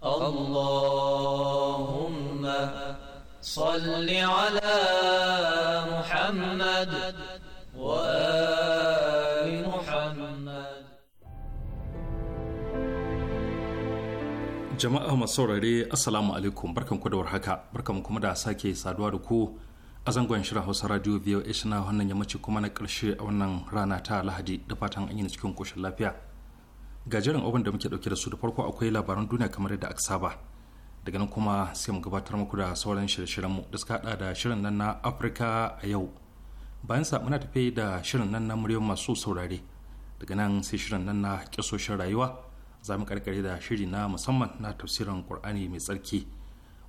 اللهم صل على محمد وآل محمد jama'a masu saurare السلام alaikum بركم ku ورحكا بركم barkan kuma da sake saduwa da a zangon shirin hausa radio shi na wannan yammaci kuma na karshe a wannan rana ta lahadi da fatan an yi na cikin koshin lafiya gajeren abin da muke dauke da su da farko akwai labaran duniya kamar yadda aka saba daga nan kuma sai mu gabatar muku da sauran shirye-shiryen mu da suka hada da shirin nan na afirka a yau bayan sa muna tafe da shirin nan na muryar masu saurare daga nan sai shirin nan na kyasoshin rayuwa za mu karkare da shiri na musamman na tafsirin qur'ani mai tsarki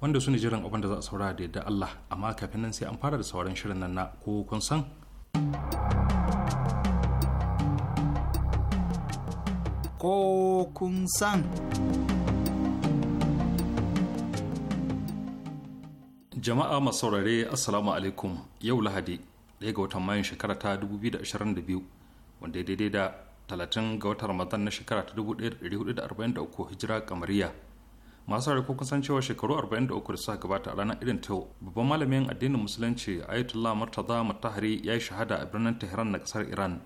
wanda su ne jiran abin da za a saurara da yadda allah amma kafin nan sai an fara da sauran shirin nan na ko kun san ko kun san. Jama'a masaurare Assalamu alaikum yau Lahadi ɗaya ga watan Mayun shekara ta 2022 wanda ya daidai da 30 ga watan Ramadan na shekara ta 1443 hijira kamariya. Masu kun kusan cewa shekaru 43 da suka gabata a ranar irin ta babban malamin addinin musulunci Ayatollah Murtaza Mutahari ya yi shahada a birnin Tehran na kasar Iran.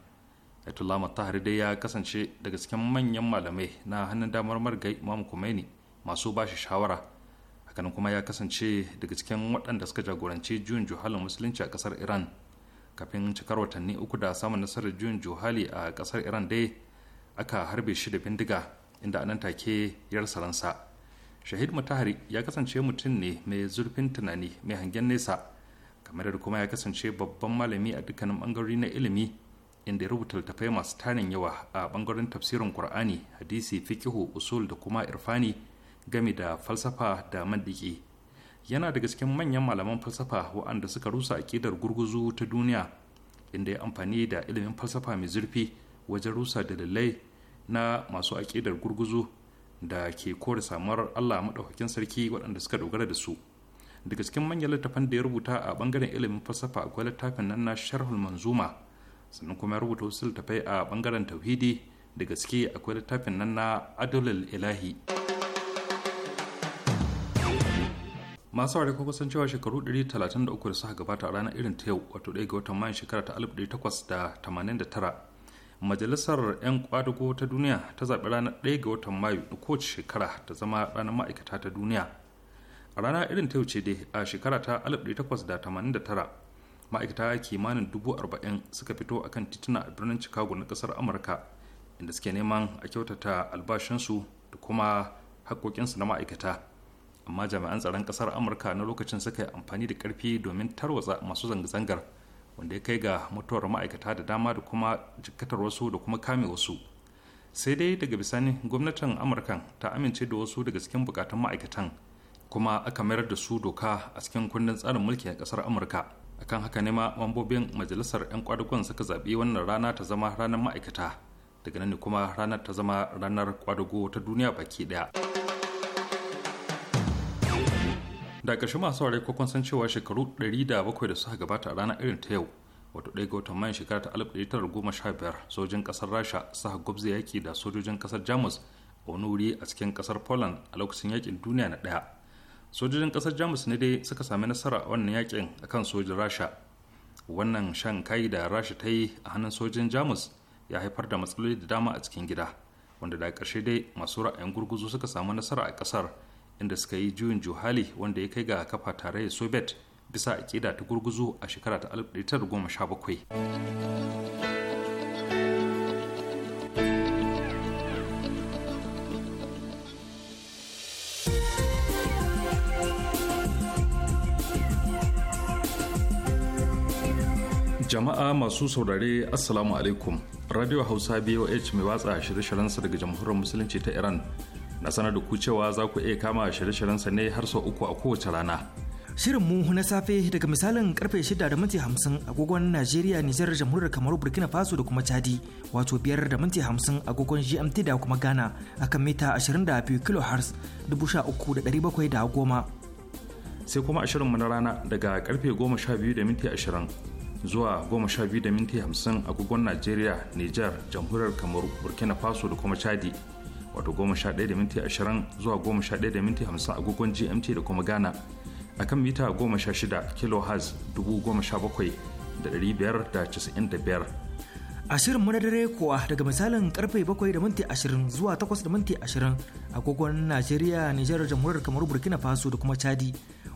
Ayatollah Matahari dai ya kasance daga cikin manyan malamai na hannun damar margai Imam Khomeini masu ba shi shawara. Hakanan kuma ya kasance daga cikin waɗanda suka jagoranci juyin juhalin musulunci a ƙasar Iran. Kafin cikar watanni uku da samun nasarar juyin juhali a ƙasar Iran dai aka harbe shi da bindiga inda anan take yar saransa. Shahid Matahari ya kasance mutum ne mai zurfin tunani mai hangen nesa kamar da kuma ya kasance babban malami a dukkanin bangarori na ilimi inda ya rubuta littattafai masu tanin yawa a bangaren tafsirin Kur'ani, hadisi, fikihu, usul da kuma irfani game da falsafa da mandiki. Yana daga cikin manyan malaman falsafa waɗanda suka rusa akidar gurguzu ta duniya inda ya amfani da ilimin falsafa mai zurfi wajen rusa dalilai na masu aƙidar gurguzu da ke kore samar Allah maɗaukakin sarki waɗanda suka dogara da su. daga cikin manyan littafan da ya rubuta a bangaren ilimin falsafa akwai littafin nan na sharhul manzuma sannan kuma ya rubuta wasu littafai a bangaren tauhidi da gaske akwai littafin nan na adolul ilahi masu ware kuma san cewa shekaru 133 da suka gabata a ranar irin ta yau wato ɗaya ga watan mayan shekara ta 1889 majalisar 'yan kwadugo ta duniya ta zaɓi ranar ɗaya ga watan mayu na kowace shekara ta zama ranar ma'aikata ta duniya a rana irin ta yau ce dai a shekara ta 1889 ma'aikata kimanin dubu arba'in suka fito akan tituna a birnin chicago na kasar amurka inda suke neman a kyautata albashinsu da kuma haƙoƙinsu na ma'aikata amma jami'an tsaron kasar amurka na lokacin suka yi amfani da ƙarfi domin tarwatsa masu zanga-zangar wanda ya kai ga mutuwar ma'aikata da dama da kuma jikkatar wasu da kuma kame wasu sai dai daga bisani gwamnatin amurkan ta amince da wasu daga cikin bukatun ma'aikatan kuma aka mayar da su doka a cikin kundin tsarin mulki a kasar amurka akan haka ne ma mambobin majalisar 'yan kwadugon suka zaɓi wannan rana ta zama ranar ma'aikata daga nan ne kuma ranar ta zama ranar kwadugo ta duniya baki ɗaya da ƙarshe masu ware ko san cewa shekaru 107 da suka gabata a ranar irin ta yau wato ɗaya ga watan mayan shekara ta 1915 sojin kasar rasha suka gwabza yaki da sojojin ƙasar jamus a wani wuri a cikin ƙasar poland a lokacin yakin duniya na ɗaya sojojin kasar jamus ne dai suka sami nasara a wannan yakin akan sojin rasha wannan shan kai da rasha ta yi a hannun sojin jamus ya haifar da matsaloli da dama a cikin gida wanda da ƙarshe dai masu ra'ayin gurguzu suka samu nasara a ƙasar inda suka yi juyin juhali wanda ya kai ga kafa tare tarayyar soviet bisa aƙida ta gurguzu a shekara ta 1917 jama'a masu saurare assalamu alaikum radio hausa boh mai watsa shirye sa daga jamhuriyar musulunci ta iran na sanar da ku cewa za ku iya kama shirye sa ne har sau uku a kowace rana Shirinmu na safe daga misalin karfe 6 da minti 50 agogon Najeriya, Nijar, Jamhuriyar Kamaru, Burkina Faso da kuma Chadi, wato biyar da minti 50 agogon GMT da kuma Ghana akan mita 22 kHz 13,710. Sai kuma a shirinmu na rana daga karfe 12 da minti zuwa 12.50 da minti agogon Najeriya, Nijar, Jamhuriyar Kamaru, Burkina Faso da kuma Chadi. Wato 11.20 zuwa 11.50 da minti agogon GMT da kuma Ghana. A kan mita 16 kHz 17,595. A shirin na dare kuwa daga misalin karfe 7 da minti 20 zuwa 8 da minti 20 agogon Najeriya, Nijar, Jamhuriyar Kamaru, Burkina Faso da kuma Chadi.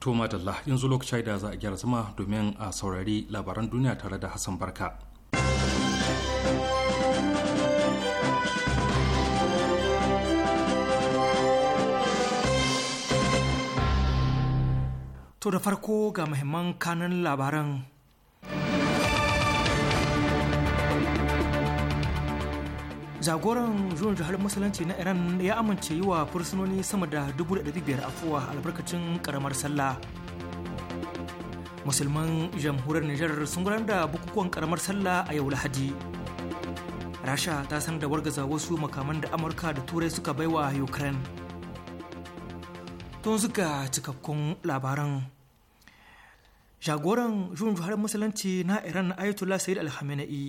To in yanzu lokaci da za a gyara zama domin a saurari labaran duniya tare da Hassan Barka. To da farko ga muhimman kanan labaran jagoran juyin jihar musulunci na iran ya amince yi wa fursunoni sama da 1,500 afuwa albarkacin karamar sallah musulman jamhuriyar nijar sun gudanar da bukukuwan karamar sallah a yau lahadi rasha ta san da wargaza wasu makaman da amurka da turai suka baiwa ukraine tun zuga cikakkun labaran jagoran jun musulunci na iran ayatollah sayyid al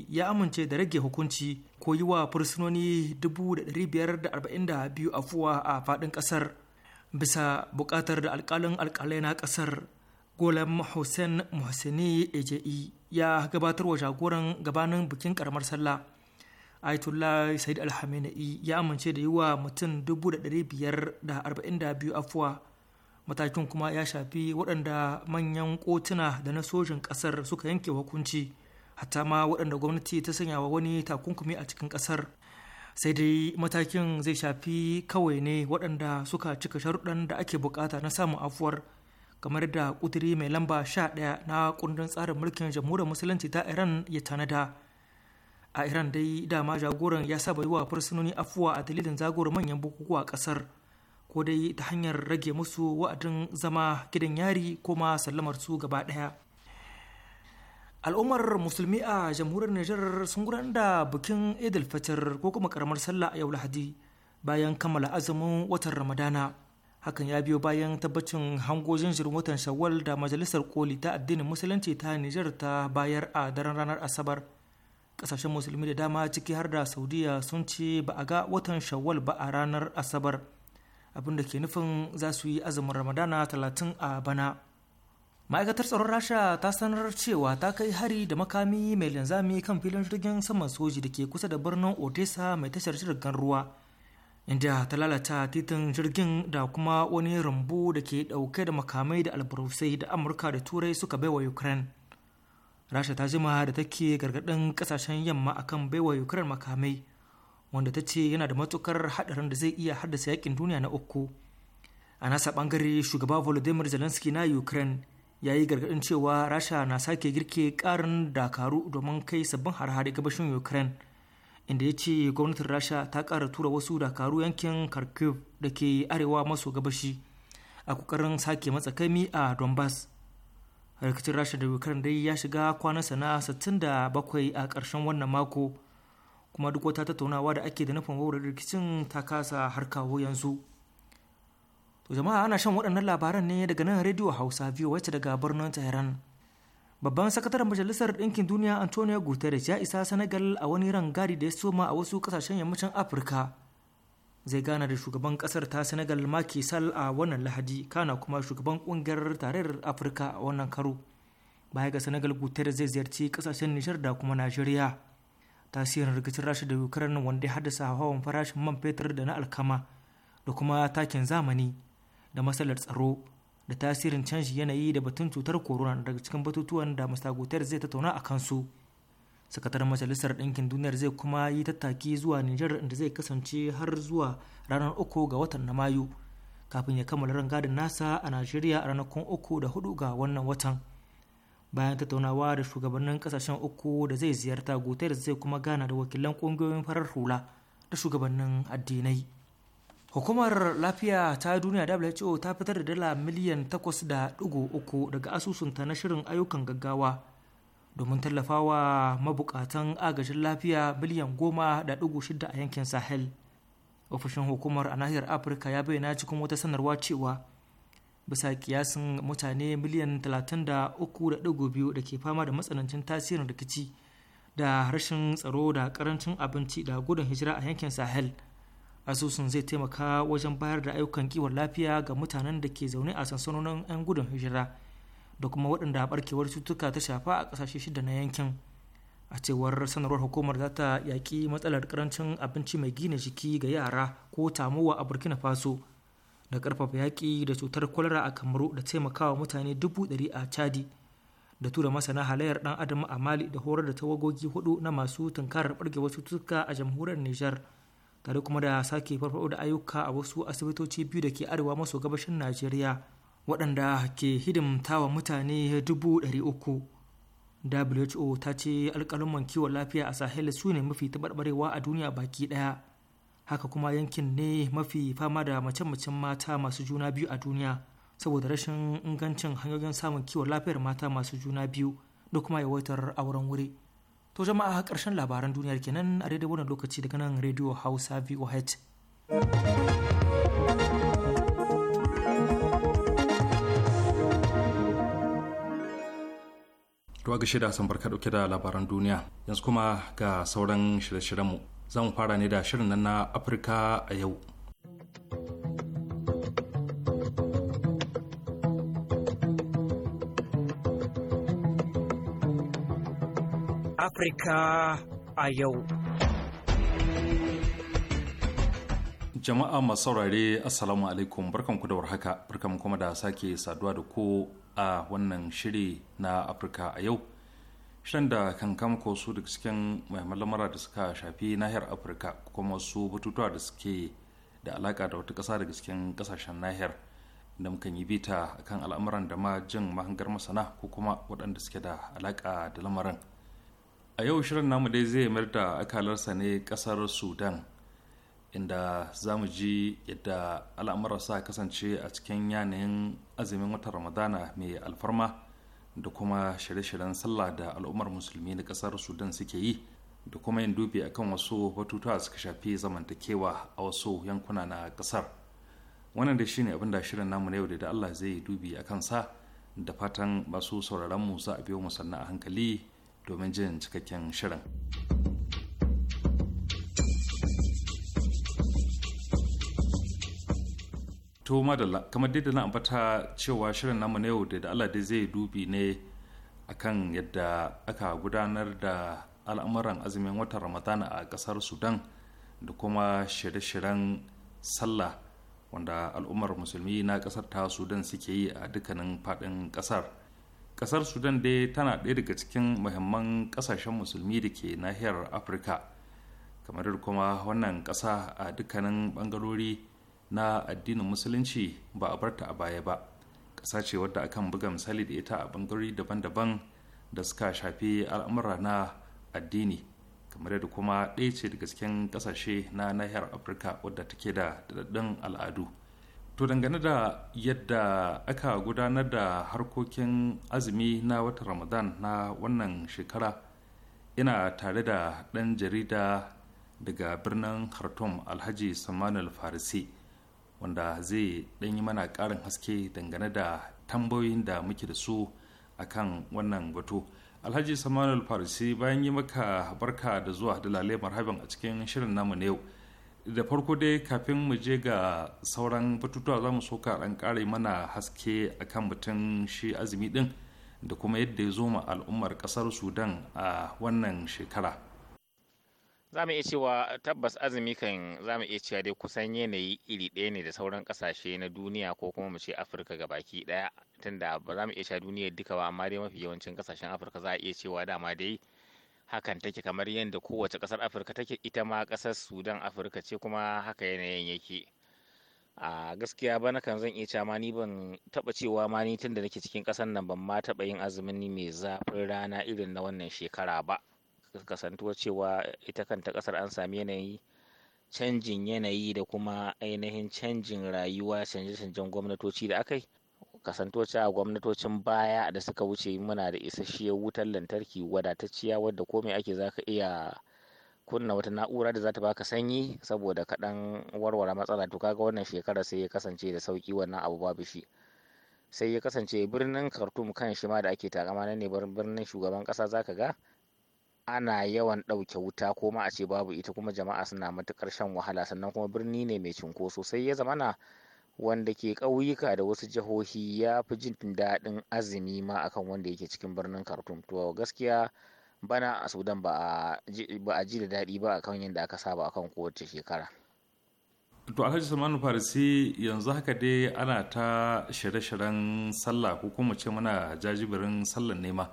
ya amince da rage hukunci ko yi wa fursunoni 542 afuwa a faɗin ƙasar bisa buƙatar da alƙalin alƙalai na ƙasar golem hussein muhsini eje'i ya gabatar wa jagoran gabanin bikin ƙaramar sallah ayatollah sayyid al ya amince da yi wa mutum 542 afuwa matakin kuma ya shafi waɗanda manyan kotuna da na sojin ƙasar suka yanke hukunci hatta ma waɗanda gwamnati ta sanya wa wani takunkumi a cikin ƙasar sai dai matakin zai shafi kawai ne waɗanda suka cika sharuɗan da ake bukata na samun afuwar kamar da ƙudiri mai lamba 11 na kundin tsarin mulkin jamhuriyar musulunci ta iran ya tanada a iran dai dama jagoran ya saba yi wa fursunoni afuwa a dalilin zagoran manyan bukukuwa ƙasar ko dai ta hanyar rage musu wa'adin zama gidan yari ko ma sallamar su gaba ɗaya al'ummar musulmi a jamhuriyar nijar sun gudanar da bikin idil fitr ko kuma karamar sallah a yau lahadi bayan kammala azumin watan ramadana hakan ya biyo bayan tabbacin hango jinjirin watan shawwal da majalisar koli ta addinin musulunci ta nijar ta bayar a daren ranar asabar kasashen musulmi da dama ciki har da saudiya sun ce ba a ga watan shawwal ba a ranar asabar abin da ke nufin za su yi azumin ramadana talatin a bana ma'aikatar tsaron rasha ta sanar cewa ta kai hari da makami mai linzami kan filin jirgin saman soji da ke kusa da birnin otesa mai tashar jirgin ruwa inda ta lalata titin jirgin da kuma wani rumbu da ke dauke da makamai da albarusai da amurka da turai suka baiwa ukraine rasha ta jima da take gargadin kasashen yamma akan baiwa ukraine makamai wanda ta ce yana da matukar hadarin da zai iya haddasa yakin duniya na uku a nasa bangare shugaba volodymyr zelensky na ukraine ya yi gargadin cewa rasha na sake girke karin dakaru domin kai sabbin harhari gabashin ukraine inda ya ce gwamnatin rasha ta kara tura wasu dakaru yankin kharkiv da ke arewa maso gabashi a kokarin sake matsakami a donbass rikicin rasha da ukraine dai ya shiga kwanansa na 67 a karshen wannan mako kuma duk wata tattaunawa da ake da nufin wawar rikicin ta kasa har kawo yanzu to jama'a ana shan waɗannan labaran ne daga nan rediyo hausa biyu wacce daga birnin tehran babban sakataren majalisar ɗinkin duniya antonio guterres ya isa senegal a wani rangadi da ya soma a wasu ƙasashen yammacin afirka zai gana da shugaban ƙasar ta senegal maki sal a wannan lahadi kana kuma shugaban ƙungiyar tarayyar afirka a wannan karo baya ga senegal guterres zai ziyarci ƙasashen nishar da kuma najeriya tasirin rikicin rasha da ukraine wanda ya haddasa hawan farashin man fetur da na alkama da kuma takin zamani da matsalar tsaro da tasirin canji yanayi da batun cutar corona daga cikin batutuwan da mr guterres zai tattauna a kansu sakataren majalisar ɗinkin duniyar zai kuma yi tattaki zuwa niger da zai kasance har zuwa ranar uku ga watan na mayu kafin ya kammala rangadin nasa a najeriya a ranakun uku da hudu ga wannan watan bayan tattaunawa da shugabannin kasashen uku da zai ziyarta da zai kuma gana da wakilan kungiyoyin farar hula da shugabannin addinai hukumar lafiya ta duniya who ta fitar da dala miliyan 8.3 daga asusunta na shirin ayyukan gaggawa domin tallafawa mabukatan agajin lafiya miliyan 10.6 a yankin sahel ofishin hukumar a nahiyar afirka ya bayyana cikin wata sanarwa cewa bisa kiyasin mutane miliyan 33.2 da ke fama da matsanancin tasirin rikici da rashin tsaro da karancin abinci da gudun hijira a yankin sahel asusun zai taimaka wajen bayar da ayyukan kiwon lafiya ga mutanen da ke zaune a sansanonin 'yan gudun hijira da kuma waɗanda barkewar cutuka ta shafa a ƙasashe shida na yankin a cewar sanarwar hukumar za ta yaƙi matsalar karancin abinci mai gina jiki ga yara ko tamowa a burkina faso da ƙarfafa yaƙi da cutar kwalara a kamaru da taimakawa mutane dubu ɗari a chadi da tura masana halayyar ɗan adam a mali da horar da tawagogi hudu na masu tunkarar wasu tuka a jamhuriyar nijar tare kuma da sake farfaɗo da ayyuka a wasu asibitoci biyu da ke arewa maso gabashin najeriya waɗanda ke hidimtawa mutane dubu ɗari uku who ta ce alƙalumman kiwon lafiya a sahel su ne mafi taɓarɓarewa a duniya baki ɗaya haka kuma yankin ne mafi fama da mace-macen mata masu juna biyu a duniya saboda rashin ingancin hanyoyin samun kiwon lafiyar mata masu juna biyu da kuma yawaitar auren wuri to jama'a ƙarshen labaran duniyar kenan a daidai wannan lokaci daga nan rediyo hausa voh Ruwa ga shida sun barka dauke da labaran duniya yanzu kuma ga sauran shirye-shiryenmu zan fara ne da shirin nan na afirka a yau afirka a yau jama'a masu saurare assalamu alaikum barkanku da warhaka barkanku kuma da sake saduwa da ku a wannan shiri na afirka a yau shirin da kan kamko su da cikin muhimman da suka shafi nahiyar afirka kuma su batutuwa da suke da alaka da wata ƙasa daga cikin ƙasashen nahiyar da muka yi bita akan al'amuran da ma jin mahangar masana ko kuma waɗanda suke da alaka da lamarin a yau shirin namu dai zai mayar da akalarsa ne ƙasar sudan inda za mu ji yadda al'amuransa kasance a cikin yanayin azumin watan ramadana mai alfarma da kuma shirye-shiryen sallah da al'ummar musulmi na kasar sudan suke yi da kuma yin dubi akan wasu batutuwa suka shafi zamantakewa a wasu yankuna na kasar wannan da shine abin da shirin namu na yau da allah zai dubi a kansa da fatan masu sauraron mu za a biyo mu sannan a hankali domin jin cikakken shirin. To madalla kamar dai da na ambata cewa shirin namu na yau da Allah dai zai dubi ne akan yadda aka gudanar da al'amuran azumin watan Ramadana a kasar Sudan da kuma shirye-shiryen sallah wanda al'ummar musulmi na kasar ta Sudan suke yi a dukkanin fadin kasar kasar Sudan dai tana ɗaya daga cikin muhimman kasashen musulmi da ke nahiyar Afirka. Kamar kuma wannan ƙasa a dukkanin bangarori. na addinin musulunci ba a barta a baya ba ƙasa ce wadda akan buga misali da ita a bangarori daban-daban da suka shafi al'amura na addini kamar da kuma ɗaya ce daga cikin ƙasashe na nahiyar afirka wadda take da daɗaɗɗun al'adu to dangane da yadda aka gudanar da harkokin azumi na watan ramadan na wannan shekara ina tare da ɗan jarida daga birnin khartoum alhaji samanul farisi wanda zai ɗanyi mana ƙarin haske dangane da tambayoyin da muke da su a kan wannan batu alhaji samanul farisi bayan yi maka barka da zuwa da lale a cikin shirin namu na yau da farko dai kafin mu je ga sauran batutuwa za mu so ka ɗan ƙare mana haske a kan batun shi azumi ɗin da kuma yadda ya zo ma al'ummar ƙasar sudan a wannan shekara za mu iya cewa tabbas azumi kan za mu iya cewa dai kusan yanayi iri ɗaya ne da sauran ƙasashe na duniya ko kuma mu ce afirka ga baki ɗaya tunda ba za mu iya cewa duniya duka ba amma dai mafi yawancin ƙasashen afirka za a iya cewa dama dai hakan take kamar yadda kowace ƙasar afirka take ita ma ƙasar sudan afirka ce kuma haka yanayin yake a gaskiya bana kan zan iya cewa ni ban taɓa cewa ma ni tunda nake cikin ƙasar nan ban ma taɓa yin azumin mai zafin rana irin na wannan shekara ba kasantuwa cewa ita kanta kasar an sami yanayi canjin yanayi da kuma ainihin canjin rayuwa canje-canjen gwamnatoci da aka yi kasantuwa cewa gwamnatocin baya da suka wuce muna da isasshiyar wutar lantarki wadatacciya wadda komai ake za ka iya kunna wata na'ura da za ta baka sanyi saboda kaɗan warware matsala to kaga wannan shekara sai ya kasance da sauki wannan abu babu shi sai ya kasance birnin khartoum kan shi ma da ake takama Nan ne birnin shugaban ƙasa za ka ga ana yawan ɗauke wuta ko ma a ce babu ita kuma jama'a suna matuƙar shan wahala sannan kuma birni ne mai cunkoso sai ya zamana wanda ke ƙauyuka da wasu jihohi ya fi jin daɗin azumi ma akan wanda yake cikin birnin Khartoum to gaskiya bana a Sudan ba a ji da daɗi ba akan yadda aka saba akan kowace shekara. to alhaji samanu farisi yanzu haka dai ana ta shirye-shiryen sallah ko kuma ce mana jajibirin sallan nema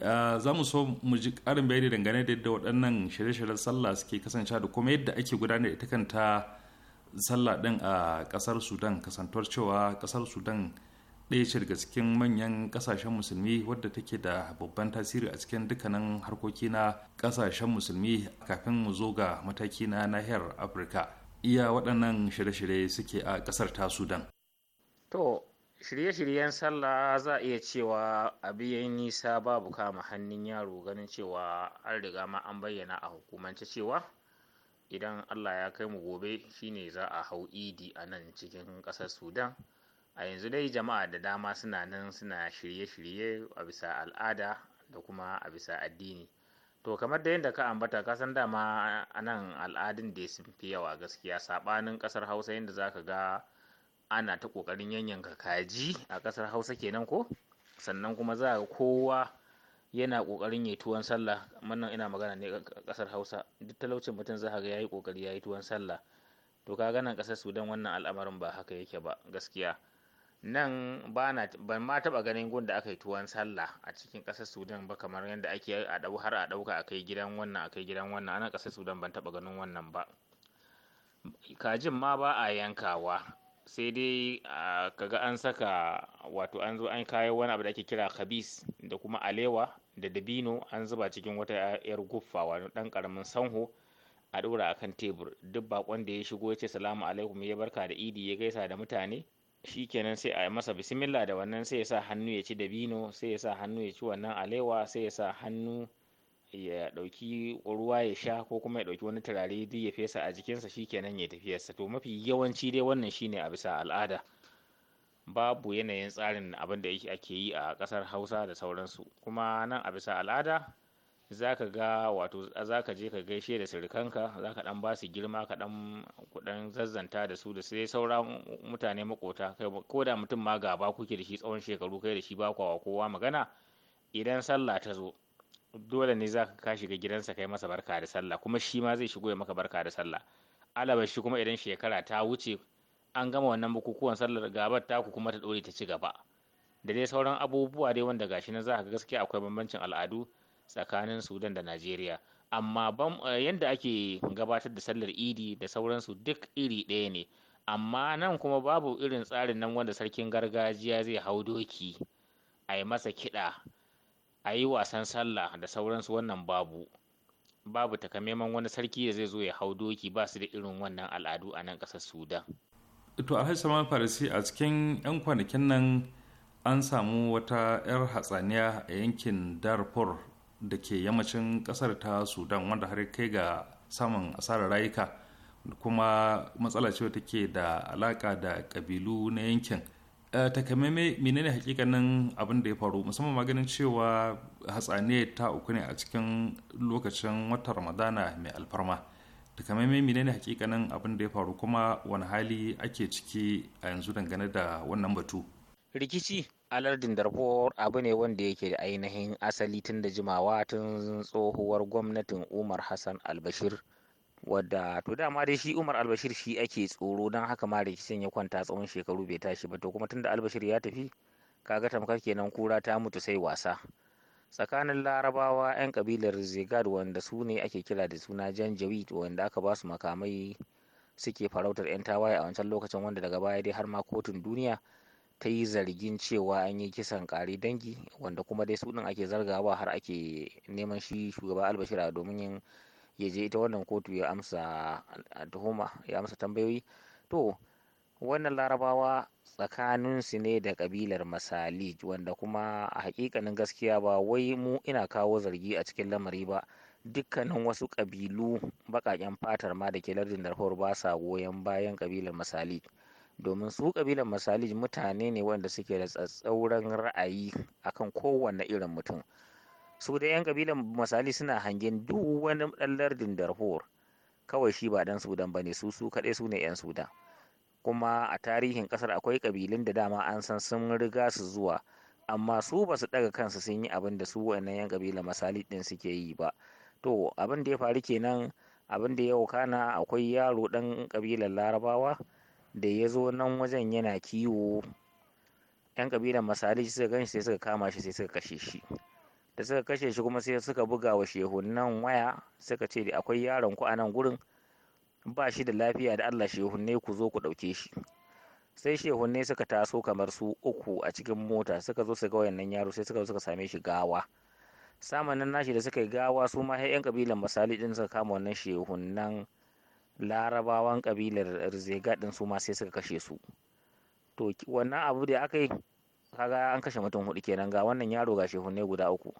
Eh, za mu so mu ji ƙarin bayani dangane da yadda waɗannan shirye-shiryen sallah suke kasancewa da kuma yadda ake gudanar ita kanta sallah ɗin a ƙasar sudan kasantuwar cewa ƙasar sudan ɗaya ce daga cikin manyan ƙasashen musulmi wadda take da babban tasiri a cikin dukkanin harkoki na ƙasashen musulmi kafin mu zo ga mataki na nahiyar afirka iya waɗannan shirye-shirye suke a ƙasar ta sudan To, shirye-shiryen sallah za a iya cewa a biyan nisa babu kama hannun yaro ganin cewa an riga ma an bayyana a hukumance cewa idan allah ya kai mu gobe shine za a hau idi a nan cikin ƙasar sudan a yanzu dai jama'a da dama suna nan suna shirye-shirye a bisa al'ada da kuma a bisa addini to kamar da yadda ka ambata ka san dama a nan al'adun da sun fi yawa gaskiya saɓanin ƙasar hausa yadda za ka ga ana ta ƙoƙarin yanyanka kaji a ƙasar hausa kenan ko sannan kuma za ga kowa yana ƙoƙarin ya yi tuwon sallah wannan ina magana ne a ƙasar hausa duk talaucin mutum za ga ya yi ƙoƙari ya yi tuwon sallah to ka ganin ƙasar sudan wannan al'amarin ba haka yake ba gaskiya nan bana ban ma taɓa ganin gun da aka yi tuwon sallah a cikin ƙasar sudan ba kamar yadda ake a ɗau har a ɗauka a kai gidan wannan a kai gidan wannan ana ƙasar sudan ban taɓa ganin wannan ba kajin ma ba a yankawa sai dai kaga an saka wato an zo an kayo wani abu da ake kira khabis da kuma alewa da dabino an zuba cikin wata yar guffa wani dan karamin sanho a dora kan tebur duk bakon da ya shigo ya ce salamu alaikum ya barka da idi ya gaisa da mutane shikenan sai a masa bismillah da wannan sai ya sa hannu ya ci dabino sai ya sa hannu ya ci wannan alewa sai ya sa hannu ya ɗauki ruwa ya sha ko kuma ya ɗauki wani turare duk ya fesa a jikinsa shikenan ya tafiyarsa to mafi yawanci dai wannan shine a bisa al'ada babu yanayin tsarin abin da ake yi a ƙasar hausa da sauransu kuma nan a bisa al'ada za ka ga wato za je ka gaishe da sirikanka za ka ɗan ba su girma ka ɗan kuɗin zazzanta da su da sai sauran mutane makota ko da mutum ma gaba kuke da shi tsawon shekaru kai da shi ba kowa magana idan sallah ta zo dole ne za ka shiga gidansa kai masa barka da sallah kuma shi ma zai shigo ya maka barka da sallah alaba shi kuma idan shekara ta wuce an gama wannan bukukuwan sallar gabar taku kuma ta dore ta ci gaba da dai sauran abubuwa dai wanda gashi nan za ka gaskiya akwai bambancin al'adu tsakanin sudan da najeriya amma eh, yadda ake gabatar da sallar idi da sauransu duk iri ɗaya ne amma nan kuma babu irin tsarin nan wanda sarkin gargajiya zai hau doki a yi masa kiɗa a yi wasan sallah da sauransu wannan babu babu takamaiman wani sarki da zai zo ya hau doki ba su da irin wannan al'adu a nan ƙasar sudan to a haisa farisi a cikin 'yan kwanakin nan an samu wata 'yar hatsaniya a yankin darfur da ke yammacin ƙasar ta sudan wanda har kai ga saman asarar rayuka kuma matsala ce take da alaka da ƙabilu na yankin Eh, takamaimai menene hakikanin abin da ya faru musamman maganin cewa hatsaniya ta uku ne a cikin lokacin watan ramadana mai alfarma takamaimai menene hakikanin abin da ya faru kuma wani hali ake ciki a yanzu dangane da wannan batu rikici a lardin darfur abu ne wanda yake da ainihin asali tun da jimawa tun tsohuwar gwamnatin umar hassan albashir wadda to dama dai shi umar albashir shi ake tsoro don haka ma rikicin ya kwanta tsawon shekaru bai tashi ba to kuma tunda albashir ya tafi kaga tamkar kenan kura ta mutu sai wasa tsakanin larabawa 'yan kabilar zigar wanda su ne ake kira da suna janjawi wanda aka ba su makamai suke farautar 'yan tawaye a wancan lokacin wanda daga baya dai har ma kotun duniya ta yi zargin cewa an yi kisan kare dangi wanda kuma dai su ake zargawa har ake neman shi shugaba albashira domin yin ya je ita wannan kotu ya amsa tuhuma ya amsa tambayoyi to wannan larabawa tsakanin su ne da kabilar masalij wanda kuma a hakikanin gaskiya ba wai mu ina kawo zargi a cikin lamari ba dukkanin wasu kabilu baƙaƙen fatar ma da ke lardin darfur ba sa goyon bayan kabilar masalij domin su kabilar masalij mutane ne wanda suke da tsatsauran ra'ayi akan kowane irin mutum su da yan kabilan masali suna hangen duk wani dan lardin darfur kawai shi ba dan sudan bane su su kadai su ne yan sudan kuma a tarihin kasar akwai kabilun da dama an san sun riga su zuwa amma su ba su daga kansu sun yi abin da su wannan yan kabilan masali din suke yi ba to abin da ya faru kenan abin da ya na akwai yaro dan kabilan larabawa da ya zo nan wajen yana kiwo yan kabilan masali suka gan shi sai suka kama shi sai suka kashe shi da suka kashe shi kuma sai suka buga wa shehunan waya suka ce da akwai yaron ku a nan gurin ba shi da lafiya da Allah shehunne ku zo ku ɗauke shi sai shehunne suka taso kamar su uku a cikin mota suka zo su ga wayannan yaro sai suka zo suka same shi gawa saman nan nashi da suka yi gawa su ma yan kabilan misali din suka kama wannan shehunan larabawan kabilar rizegadin su ma sai suka kashe su to wannan abu da aka yi kaga an kashe mutum hudu kenan ga wannan yaro ga hunne guda uku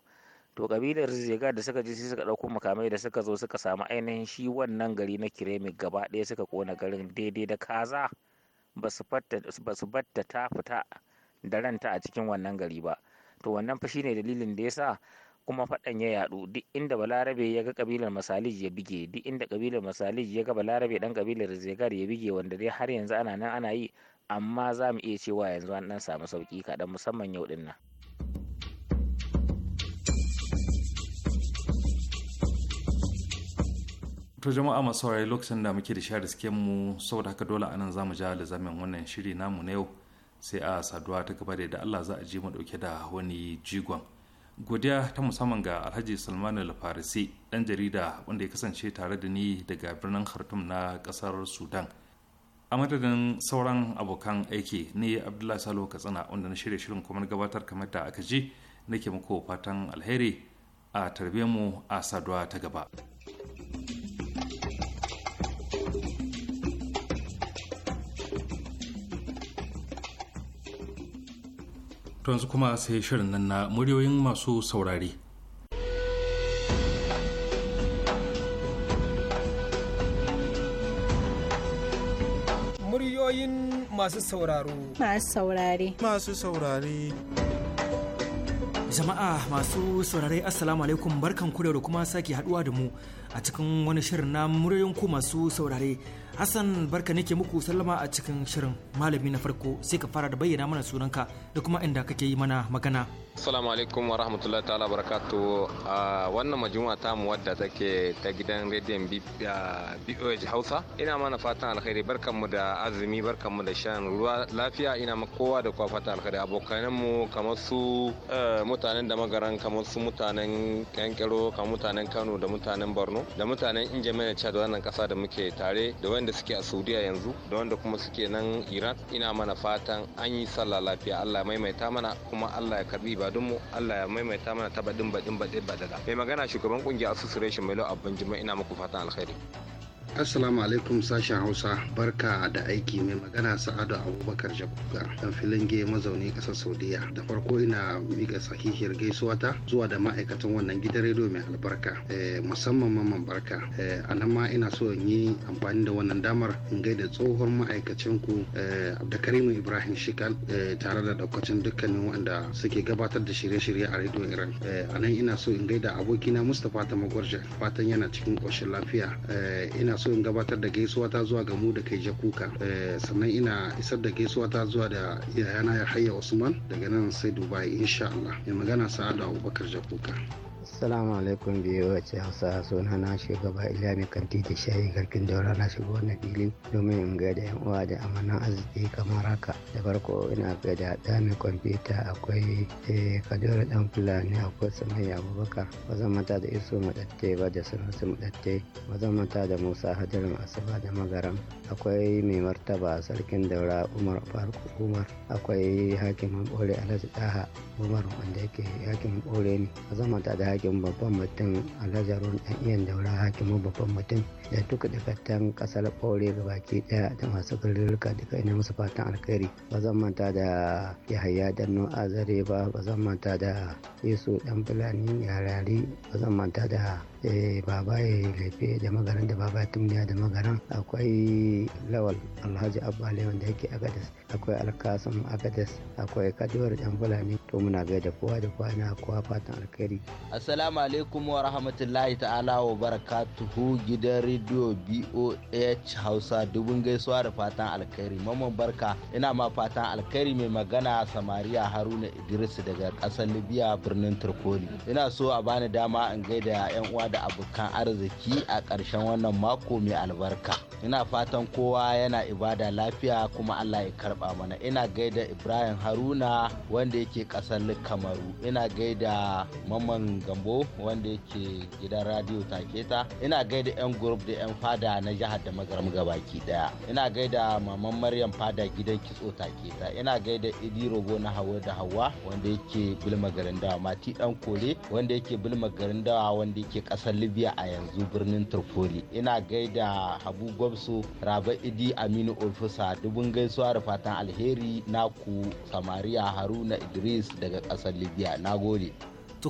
to kabilar ziga da suka ji sai suka dauko makamai da suka zo suka samu ainihin shi wannan gari na kiremi gaba ɗaya suka kona garin daidai da kaza ba su batta ta fita da ranta a cikin wannan gari ba to wannan fa shine dalilin da ya sa kuma faɗan ya yadu duk inda balarabe ya ga kabilar masalij ya bige duk inda kabilar masalij ya ga balarabe dan kabilar zegar ya bige wanda dai har yanzu ana nan ana yi amma za mu iya cewa yanzu an dan samu sauki kaɗan musamman yau din nan. to jama'a masu saurari lokacin da muke da share da mu saboda haka dole anan zamu ja lizamin wannan shiri namu na yau sai a saduwa ta gaba da Allah za a ji mu dauke da wani jigon godiya ta musamman ga Alhaji Salman Al-Farisi dan jarida wanda ya kasance tare da ni daga birnin Khartoum na kasar Sudan a madadin sauran abokan aiki ne abdullahi salo katsina wanda na shirya shirin kuma gabatar kamar da aka ji nake muku fatan alheri a tarbe mu a saduwa ta gaba. To yanzu kuma sai shirin nan na muryoyin masu saurari. masu sauraro. Masu saurare. Masu saurare. Jama'a masu saurare Assalamu alaikum barkan ku da kuma sake haduwa da mu a cikin wani shirin na muryoyin ku masu saurare. Hassan barka nake muku sallama a cikin shirin malami na farko sai ka fara da bayyana mana sunanka da kuma inda kake yi mana magana. Assalamu alaikum wa rahmatullahi ta'ala barakatu a wannan majuma ta mu wadda take ta gidan rediyon BOH Hausa ina mana fatan alkhairi barkanmu da azumi mu da shan ruwa lafiya ina ma kowa da kowa fatan alkhairi abokanan mu kamar su mutanen da magaran kamar su mutanen Kankero kamar mutanen Kano da mutanen Borno da mutanen Injamena Chad wannan kasa da muke tare da wanda suke a saudiya yanzu da wanda kuma suke nan iran ina mana fatan an yi sallah lafiya allah ya maimaita mana kuma allah ya karbi ibadunmu allah ya maimaita mana ta baɗin baɗin baɗin baɗaɗa mai magana shugaban kungiyar asusu mai lau abban juma'a ina muku fatan alkhairi Assalamu alaikum sashen Hausa barka da aiki mai magana Sa'adu Abubakar Jakuga dan filin ge mazauni kasar Saudiya. Da farko ina miƙa sahihiyar gaisuwa ta zuwa da ma'aikatan wannan gidan rediyo mai albarka eh, musamman mamman barka. Eh, a nan ma ina so in yi amfani da wannan damar in gaida tsohon ma'aikacin ku eh, Abdulkarimu Ibrahim Shikal tare da daukacin dukkanin wanda suke gabatar da shirye-shirye a rediyo Iran. A nan ina so in gaida abokina Mustapha Tamagwarja fatan yana cikin ƙoshin lafiya. Ina so gabatar da gaisuwa ta zuwa ga mu da kai jakuka eh, sannan ina isar da gaisuwa ta zuwa da yayana ya hayya usman daga nan sai dubai insha allah ya magana sa'adu abubakar jakuka Assalamu alaikum biyu wace hausa suna na shugaba Iliya mai kanti da shayi garkin daura na shigo na fili domin in da yan uwa da amana arziki kamar haka da farko ina gada da mai kwamfuta akwai eh, kadura dan fulani akwai samai abubakar Wazan mata da iso madatte ba da sanusi madatte wazan mata da musa hadarin asaba da magaram akwai mai martaba sarkin daura umar farko umar akwai hakimin bore alhaji daha umar wanda yake hakimin bore ne wazan mata da hakimin hakimin babban mutum a nazarin dan iya daura hakimin babban mutum da duka dakatan kasar ɓaure ga baki ɗaya da masu garuruka duka ina musu fatan alkhairi ba zan manta da yahaya danno azare ba ba zan manta da yesu dan fulani yarari ba zan manta da Eh, baba ya laife da magaran da baba ya tumniya da magaran akwai lawal alhaji abba lewan da yake agadas akwai alkasim agadas akwai kaduwar dan fulani to muna gaida kowa da kowa na kowa fatan alkhairi assalamu alaikum wa rahmatullahi ta'ala wa barakatuhu gidan rediyo boh hausa dubun gaisuwa da fatan alkhairi mamman barka ina ma fatan alkhairi mai magana samariya haruna idris daga kasar libya birnin turkoli ina so a bani dama in gaida yan uwa da da abokan arziki a ƙarshen wannan mako mai albarka ina fatan kowa yana ibada lafiya kuma allah ya karɓa mana ina gaida ibrahim haruna wanda yake ƙasar kamaru ina gaida mamman gambo wanda yake gidan radio taketa ina gaida 'yan group da 'yan fada na jihar da magaram gabaki daya ina gaida maman maryam fada gidan kitso taketa ina gaida idi rogo na hawa da hawa wanda yake bilma garin dawa mati dan kore wanda yake bilma garin dawa wanda yake ƙasar. ƙasar libya a yanzu birnin turkoli ina gaida habu gwabso raba idi aminu ofisa dubun gaisuwa da fatan alheri naku samariya haruna idris daga ƙasar libya na gode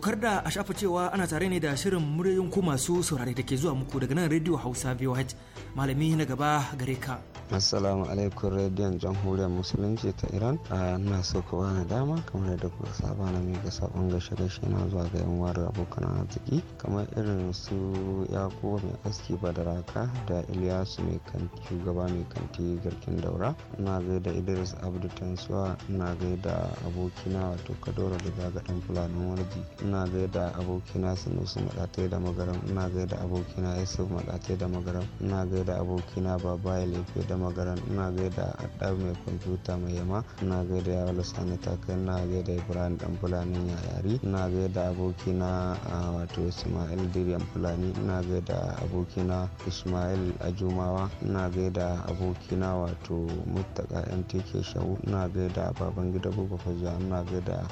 kar da a shafa cewa ana tare ne da shirin muryoyin ku masu saurare da ke zuwa muku daga nan Radio Hausa VOH malami na gaba gare ka. Assalamu alaikum rediyon jamhuriyar musulunci ta Iran a ina so ku bani dama kamar da kuka saba na miƙa sabon gashe gashe na zuwa ga yan wari abokan arziki kamar irin su Yakubu mai aski badaraka da iliyasu mai kanti shugaba mai kanti garkin daura ina da Idris Abdu Tansuwa ina da abokina wato Kadoro da gagaɗan Fulani Warji ina gaida abokina sunusu maɗate da magaram ina gaida abokina yusuf maɗate da magaram ina gaida abokina baba ya lefe da magaram ina gaida adda mai kwamfuta mai yama ina gaida yawa Sani takai ina gaida ibrahim dan ya yayari ina gaida abokina wato ismail diriyan fulani ina gaida abokina ismail ajumawa ina gaida abokina wato muttaka mtk shawu ina gaida baban babangida buga fajiya ina gaida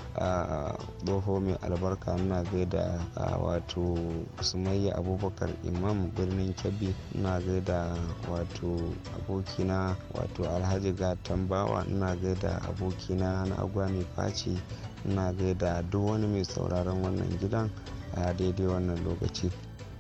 tsoho mai albarka barka muna gaida a wato sumayya abubakar imam birnin kebbi muna gaida wato abokina wato alhaji gatambawa ina gaida abokina na agwa mai faci ina gaida duk wani mai sauraron wannan gidan a daidai wannan lokaci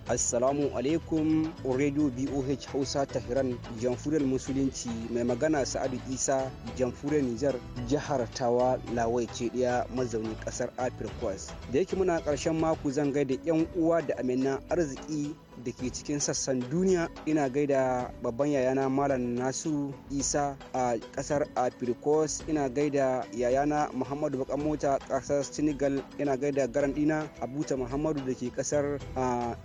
Assalamu alaikum Radio BOH Hausa Tahiran jamfuren Musulunci mai magana Sa'adu Isa Jamhuriyar Nijar jihar Tawa Lawai ce ɗaya mazaunin ƙasar afirka Da yake muna ƙarshen mako zan gaida 'yan uwa da amina arziki da ke cikin sassan duniya ina gaida babban yayana malam nasu isa a kasar afirikos ina gaida yayana muhammadu bakan mota kasar senegal ina gaida garan dina abuta muhammadu da ke kasar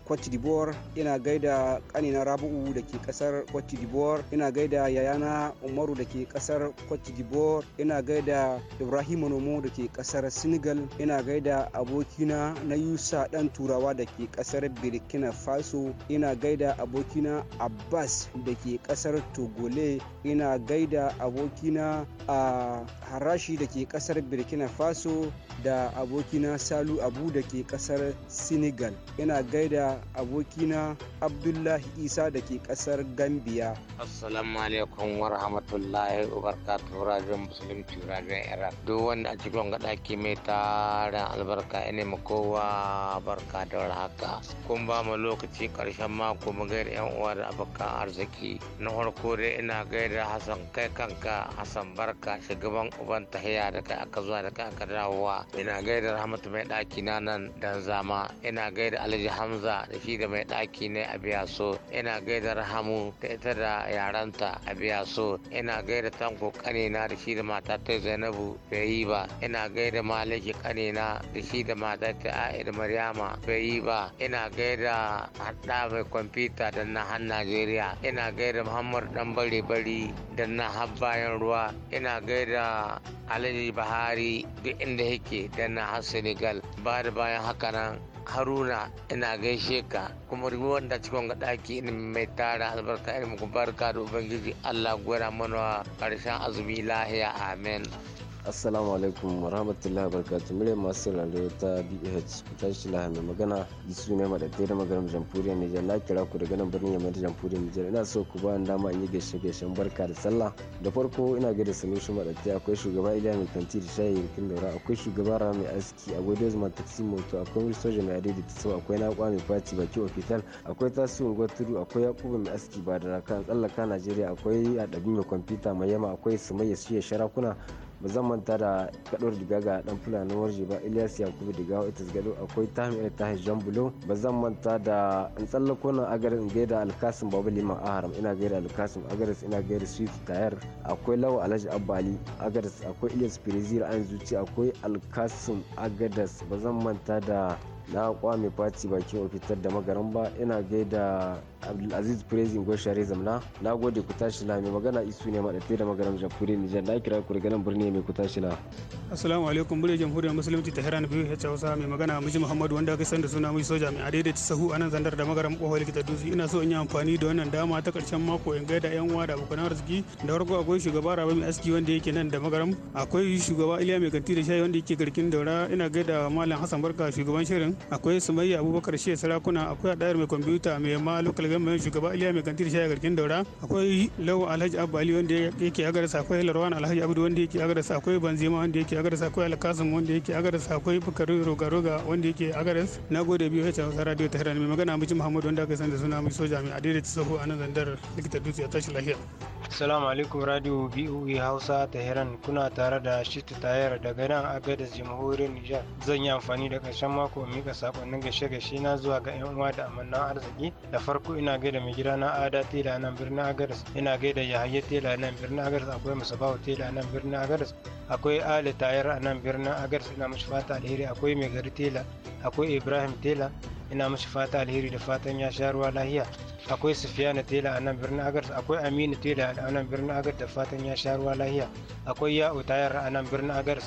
cote d'ivoire ina gaida kanina rabu'u da ke kasar cote d'ivoire ina gaida yayana umaru da ke kasar cote d'ivoire ina gaida ibrahim nomo da ke kasar senegal ina gaida abokina na yusa dan turawa da ke kasar burkina faso ina gaida abokina Abbas da ke kasar Togole ina gaida abokina a Harashi da ke kasar Burkina Faso da abokina Salu Abu da ke kasar Senegal ina gaida abokina Abdullahi Isa da ke kasar Gambia. Assalamu alaikum wa rahmatullahi wa barka rajin musulunci rajin Iraq duk wanda a cikin gada ke mai tarin albarka ina kowa barka da haka kun ba mu lokaci karshen mako mu gaida yan uwa da abokan arziki na farko dai ina gaida hassan kai kanka hassan barka shugaban uban tahiya da kai aka zuwa da kai aka dawowa ina gaida rahmatu mai ɗaki na nan dan zama ina gaida alhaji hamza da shi da mai ɗaki ne a biya so ina gaida rahamu da ita da yaranta a biya so ina gaida tanko kanina da shi da mata ta zainabu bai yi ba ina gaida maliki kanina da shi da mata ta a'ida maryama bai yi ba ina gaida da mai kwamfuta da na han najeriya ina gaida muhammad dan bari bari da na har bayan ruwa ina gaida alhaji bahari duk inda yake da na har senegal ba da bayan haka nan haruna ina gaishe ka kuma wanda cikin ga daki ina mai tara albarka ina muku barka da ubangiji allah gwada mana karshen azumi lahiya amen assalamu alaikum warahmatullahi wabarakatuh mure masu rarrayo ta bih tashi laha mai magana su ne madadai da maganar jamhuriyar nijar na kira ku daga nan birnin yamma da jamhuriyar nijar ina so ku ba dama in yi gaishe gaishen barka da sallah da farko ina gaida sanushi madadai akwai shugaba ilya mai kanti da shayi yankin daura akwai shugaba mai aski akwai dozman taxi moto akwai wani soja mai adai da tiso akwai nakwa mai faci baki ofital akwai tasirin gwaturu akwai yakubu mai aski ba da raka tsallaka najeriya akwai adabi mai kwamfuta mai yama akwai sumayya suya sharakuna ba zan manta da gaɗuwar diga ga dan fulani warje ba ilyas yakubu diga ita gado akwai tahim ta tahir jan bulo ba zan manta da in tsallako nan agarin gaida alkasim babu liman aharam ina gaida alkasim agaris ina gaida swift tayar akwai lawa alhaji abbali agaris akwai ilyas firizir an zuci akwai alkasim agadas ba zan manta da na kwame fati bakin ofitar da magaran ba ina gaida abdulaziz prezin gwashare zamna na gode ku tashi la mai magana isu ne ma da magaram jamhuriyar nijar na kira ku daga nan birni mai ku tashi la assalamu alaikum bude jamhuriyar musulunci ta hiran biyu hacca hausa mai magana miji muhammadu wanda aka san da suna mai soja mai adai ta sahu anan zandar da magaram kohol likita dutse ina so in yi amfani da wannan dama ta karshen mako in gaida yan uwa da abokan arziki da farko akwai shugaba rabe mai aski wanda yake nan da magaram akwai shugaba iliya mai kanti da shayi wanda yake garkin daura ina gaida malam hassan barka shugaban shirin akwai sumayya abubakar shi sarakuna akwai adayar mai kwamfuta mai ma lokal gamban shugaba Iliya mai kantir shaya garkin daura akwai Lawan Alhaji Abba Ali wanda yake agarsa akwai Larwan Alhaji Abdu wanda yake agarsa akwai banzima wanda yake agarsa akwai Alkasim wanda yake agarsa akwai Bukari roga roga wanda yake na gode biyu ya Hausa Radio Tehran mai magana miji Muhammad wanda aka san da suna mai soja mai adire ta sahu a nan zandar likita dutse ya tashi lafiya Assalamu alaikum Radio BOE Hausa ta Tehran kuna tare da Shitu Tayar daga nan da Jamhuriyar Nijar zan yi amfani da karshen mako mika sakonnin gashe-gashe na zuwa ga 'yan uwa da amannan arziki da farko ina gaida mai gida na ada tela nan birnin agadas ina gaida yahaya tela nan birnin agadas akwai musabawa tela nan birnin agadas akwai ali tayar a nan birnin agadas ina mashi fata alheri akwai mai gari tela akwai ibrahim tela ina mashi fata alheri da fatan ya sha ruwa lahiya akwai sufiyana tela a nan birnin agar akwai aminu tela a nan birnin agar da fatan ya sha ruwa lahiya akwai ya'u tayar a nan birnin agar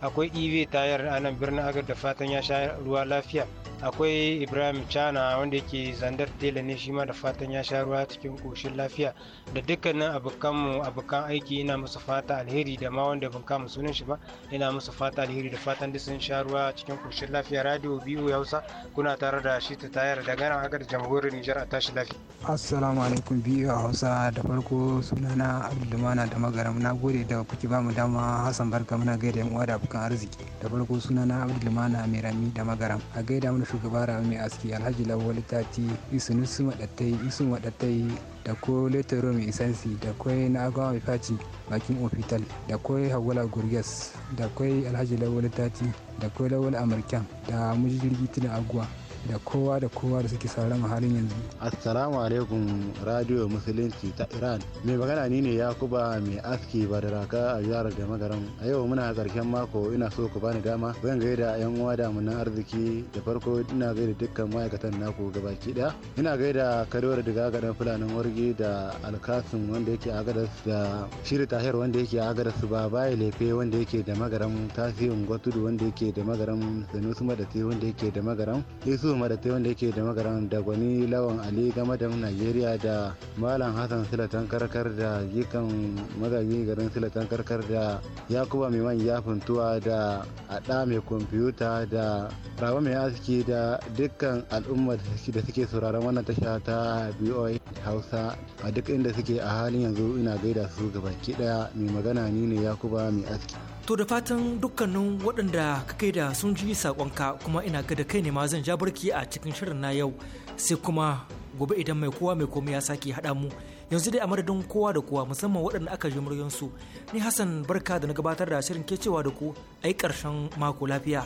akwai ev tayar a nan birnin agar da fatan ya sha ruwa lafiya akwai ibrahim chana wanda yake zandar tela ne shi ma da fatan ya sha ruwa cikin koshin lafiya da dukkanin mu abokan aiki ina musu fata alheri da ma wanda bin kama sunan shi ba ina musu fata alheri da fatan duk sun sha ruwa cikin koshin lafiya radio biyu hausa kuna tare da shi ta tayar da gana agar jamhuriyar nijar a tashi lafiya assalamu alaikum biyu a hausa da farko sunana abdulmana da magaram na gode da kuke ba mu dama hassan barka muna gaida yan uwa da abokan arziki da farko sunana abdulmana mai rami da magaram a gaida mana shugaba rami aski alhaji lawal tati isunusu madattai isu madattai da ko letero mai isansi da kwai na agawa mai faci bakin ofital da kwai hagwala gurgas da kwai alhaji lawal tati da kwai lawal amurkan da mujirgi aguwa da kowa da kowa da suke sarrama halin yanzu. Assalamu alaikum Radio Musulunci ta Iran. Mai magana ni ne Yakuba mai aski ba da raka a jihar da magaran. A yau muna karshen mako ina so ku bani dama zan gaida yan uwa da na arziki da farko ina gaida dukkan ma'aikatan naku gabaki daya. Ina gaida Kadore daga gadan fulanin wargi da alkasin wanda yake agadas da Shiri Tahir wanda yake agadas ba bai Lefe wanda yake da magaran Tasirin Gwatudu wanda yake da magaran Sanusi Madati wanda yake da magaran. da madatai wanda yake da magaran da gwani lawan ali game da najeriya da malam hassan silatan karkar da gikan magaji garin silatan karkar da yakuba mai man yafin tuwa da ada mai kwamfuta da rawa mai aski da dukkan al'ummar da suke sauraron wannan tasha ta BOI hausa a duk inda suke a halin yanzu ina gaida su gabaki daya mai magana ni ne yakuba mai aski To da fatan dukkanin waɗanda kai da sun ji saƙonka kuma ina ga da kai ne ma zan ja barki a cikin shirin na yau sai kuma gobe idan mai kowa mai komai ya sake haɗa mu yanzu dai a madadin kowa da kowa musamman waɗanda aka ji muryansu ni Hassan barka da na gabatar da shirin ke cewa da ku ai ƙarshen mako lafiya.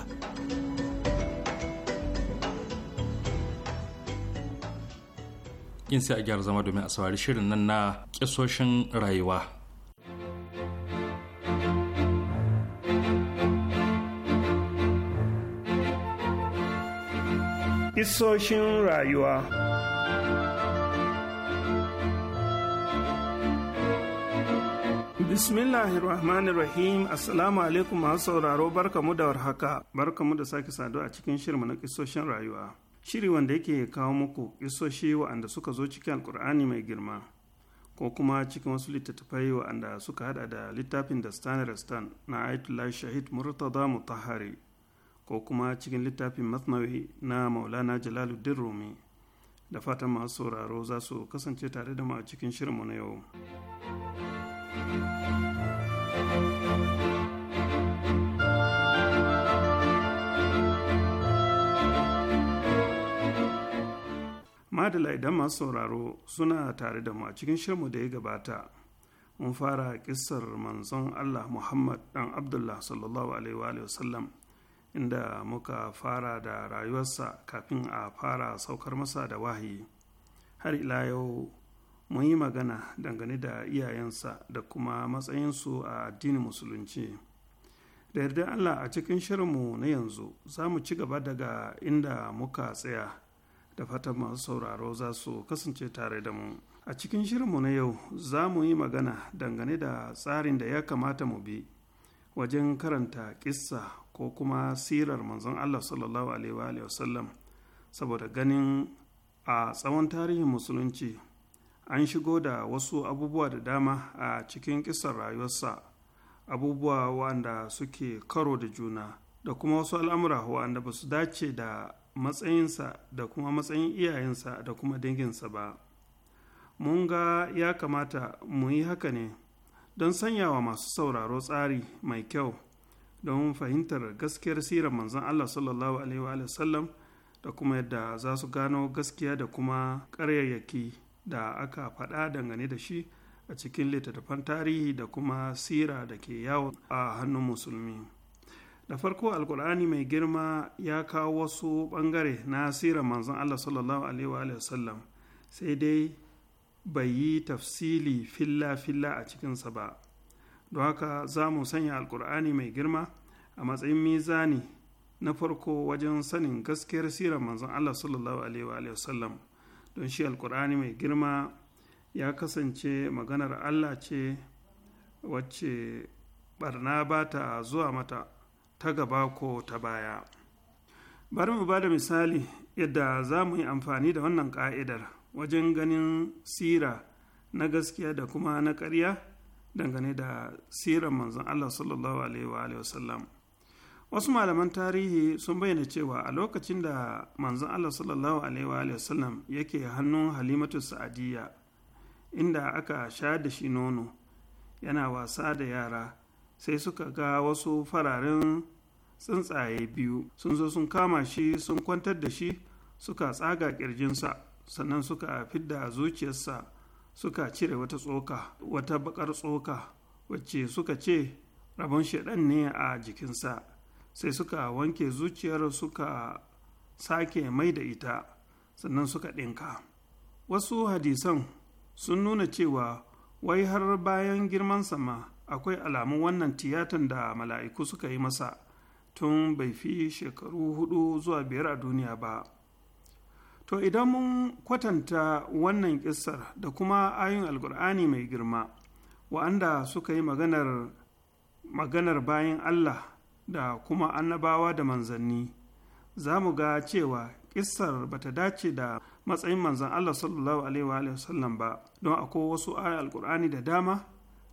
Yin sai a gyara zama domin a saurari shirin nan na ƙisoshin rayuwa. Isoshin rayuwa. Bismillahirrahmanirrahim Assalamu alaikum masu sauraro barkamu da warhaka barkamu da sake sadu a cikin shirma na isoshin rayuwa. Shiri wanda yake kawo muku isoshi wa'anda suka zo cikin alkur'ani mai girma ko kuma cikin wasu littattafai wa'anda suka hada da littafin da stan na Ayatollah Shahid Murtada Mutahari ko kuma cikin littafin masnawi na maulana jalaluddin rumi da fatan masu sauraro za su kasance tare da mu a cikin shirinmu na yau madala idan masu sauraro suna tare da mu a cikin shirinmu da ya gabata mun fara kissar manzon allah muhammad dan abdullah sallallahu alaihi wa sallam inda muka fara da rayuwarsa kafin a fara saukar masa da wahayi har ila yau mun yi magana dangane da iyayensa da kuma matsayinsu a addinin musulunci da yarda allah a cikin shirinmu na yanzu za mu ci gaba daga inda muka tsaya da fatan masu sauraro za su kasance tare da mu a cikin shirinmu na yau za mu yi magana dangane da tsarin da ya kamata mu bi wajen karanta kissa ko kuma sirar manzon Allah sallallahu alaihi wasallam saboda ganin a tsawon tarihin musulunci an shigo da wasu abubuwa da dama a cikin kisar rayuwarsa abubuwa wanda suke karo da juna da kuma wasu al'amura wanda ba su dace da matsayinsa da kuma matsayin iyayensa da kuma danginsa ba mun ga ya kamata mu yi haka ne don sanyawa masu sauraro tsari mai kyau don fahimtar gaskiyar sirar manzon Allah sallallahu alaihi wa da kuma yadda za su gano gaskiya da kuma ƙaryayyaki da aka faɗa dangane da shi a cikin littattafan tarihi da kuma sira da ke yawo a hannun musulmi da farko alkur'ani mai girma ya kawo wasu ɓangare na sirar manzon Allah sallallahu alaihi sai dai bai yi tafsili filla-filla a cikinsa ba don haka za mu sanya alkur'ani mai girma a matsayin mizani na farko wajen sanin gaskiyar sirar manzon Allah sallallahu alaihi wa sallam don shi alkur'ani mai girma ya kasance maganar Allah ce wacce barna ba ta zuwa mata ta gaba ko ta baya bari mu ba da misali yadda za mu yi amfani da wannan ka'idar wajen ganin sira na gaskiya da kuma na ƙarya dangane da siran manzon Allah sallallahu alaihi wa wasu malaman tarihi sun bayyana cewa a lokacin da manzon Allah sallallahu alaihi wa yake hannun halimatu sa'adiyya inda aka sha da shi nono yana wasa da yara sai suka ga wasu fararen tsuntsaye biyu sun zo sun kama shi sun kwantar da shi suka tsaga kirjinsa sannan suka fidda zuciyarsa suka cire wata tsoka wata bakar tsoka wacce suka ce rabon shaidan ne a jikinsa sai suka wanke zuciyar suka sake mai da ita sannan suka ɗinka wasu hadisan sun nuna cewa wai har bayan girman sama akwai alamun wannan tiyatan da mala'iku suka yi masa tun bai fi shekaru hudu zuwa biyar a duniya ba to idan mun kwatanta wannan kissar da kuma ayin alkur'ani mai girma wa'anda suka yi maganar maganar bayan allah da kuma annabawa da manzanni za mu ga cewa kissar ba ta dace da matsayin manzan allah sallallahu alaihi wasallam ba don akwai wasu ayin alkur'ani da dama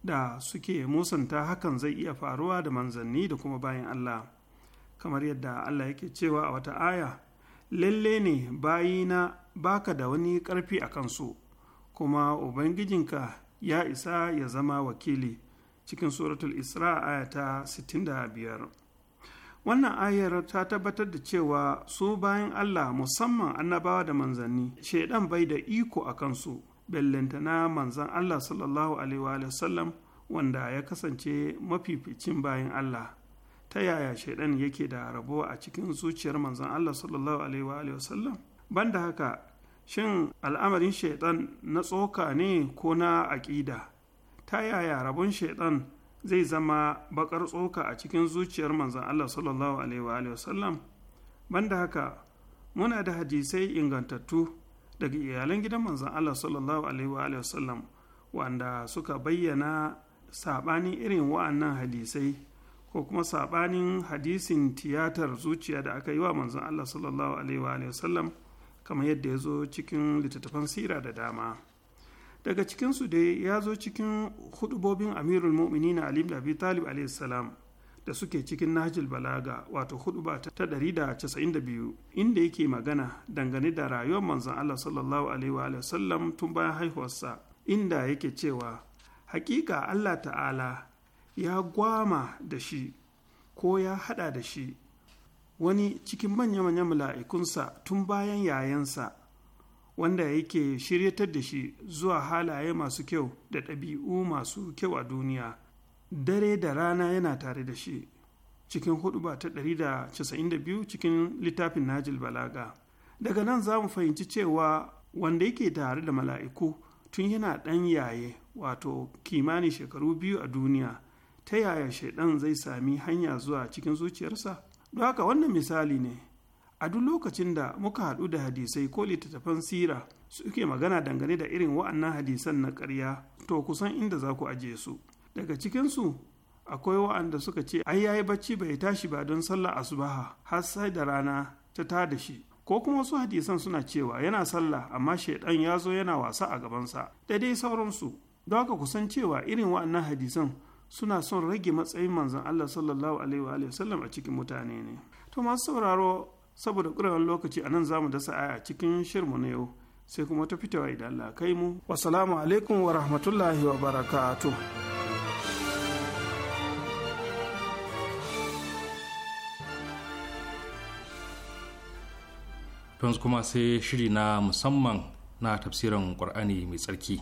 da suke musanta hakan zai iya faruwa da manzanni da kuma bayan allah kamar yadda allah yake cewa a wata aya lalle ne bayina baka da wani ƙarfi a kansu kuma ubangijinka ya isa ya zama wakili cikin suratul isra aya ta 65 wannan ayar ta tabbatar da cewa su bayan allah musamman annabawa da manzanni shaidan bai da iko a kansu na manzan allah sallallahu alaihi wanda ya kasance mafificin bayan allah ta yaya shaidan yake da rabo a cikin zuciyar manzon Allah sallallahu alaihi wa banda haka shin al'amarin shaidan na tsoka ne ko na aƙida ta yaya rabon shaidan zai zama bakar tsoka a cikin zuciyar manzon Allah sallallahu alaihi wa banda haka muna da hadisai ingantattu daga iyalan gidan manzon Allah sallallahu alaihi wa wanda suka bayyana saɓanin irin wa'annan hadisai ko kuma saɓanin hadisin tiyatar zuciya da aka yi wa manzon Allah sallallahu alaihi wa kamar yadda ya zo cikin littattafan sira da dama daga cikinsu dai ya zo cikin hudubobin amirul na ali ibn abi talib salam da suke cikin nahjul balaga wato huduba ta 192 inda yake magana dangane da rayuwar manzon Allah sallallahu alaihi wa tun bayan haihuwarsa inda yake cewa hakika Allah ta'ala ya gwama da shi ko ya haɗa da shi wani cikin manya-manyan mala'ikunsa tun bayan yayansa wanda yake shiryatar da shi zuwa halaye masu kyau da ɗabi'u masu kyau a duniya dare da rana yana tare da shi cikin hudu ba ta ɗari da da casa'in biyu cikin littafin najil balaga daga nan za mu fahimci cewa wanda yake tare da mala'iku tun yana ɗan yaye wato kimanin shekaru biyu a duniya ta yaya shaidan zai sami hanya zuwa cikin zuciyarsa don haka wannan misali ne a duk lokacin da muka haɗu da hadisai ko littattafan sira suke magana dangane da irin wa'annan hadisan na ƙarya to kusan inda za ku ajiye su daga cikinsu akwai wa'anda suka ce ai yayi bacci bai tashi ba don sallah asubaha har sai da rana ta ta da shi ko kuma wasu hadisan suna cewa yana sallah amma shaidan ya zo yana wasa a gabansa da dai sauransu don haka kusan cewa irin wa'annan hadisan suna son rage matsayin manzon Allah sallallahu alaihi wa sallam a cikin mutane ne to masu sauraro saboda ƙurewar lokaci a nan zamu dasa aya a cikin shirmu na yau sai kuma ta fitowa idan Allah kai mu wasalamu alaikum wa rahmatullahi wa barakatuh yanzu kuma sai shiri na musamman na tafsirin ƙwar'ani mai tsarki.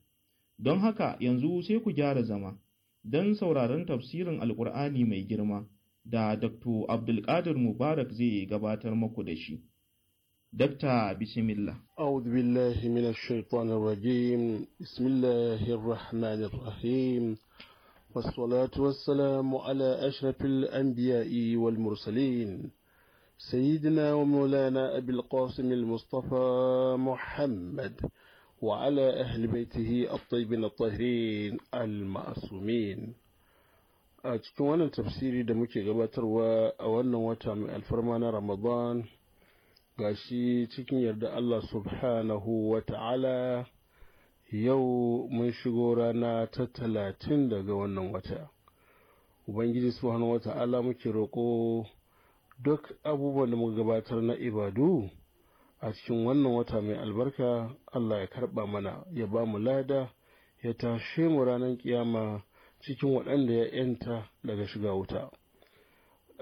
don haka yanzu sai ku gyara zama don sauraron tafsirin alkur'ani mai girma da dr abdulkadir mubarak zai gabatar maku da shi dr bismillah a'udhu billahi minash shaitanir rajim bismillahir rahmanir rahim wassalatu wassalamu ala ashrafil anbiya'i wal mursalin sayidina wa mawlana abul qasim mustafa muhammad وعلى أهل بيته الطيبين الطاهرين المعصومين a cikin wannan tafsiri da muke gabatarwa a wannan wata mai alfarma na ramadan gashi cikin yarda Allah subhanahu wa ta'ala yau mun shigo rana ta talatin daga wannan wata ubangiji subhanahu wa ta'ala muke roƙo duk abubuwan da muka gabatar na ibadu a cikin wannan wata mai albarka Allah ya karɓa mana ya ba mu lada ya tashe mu ranar kiyama cikin waɗanda ya yanta daga shiga wuta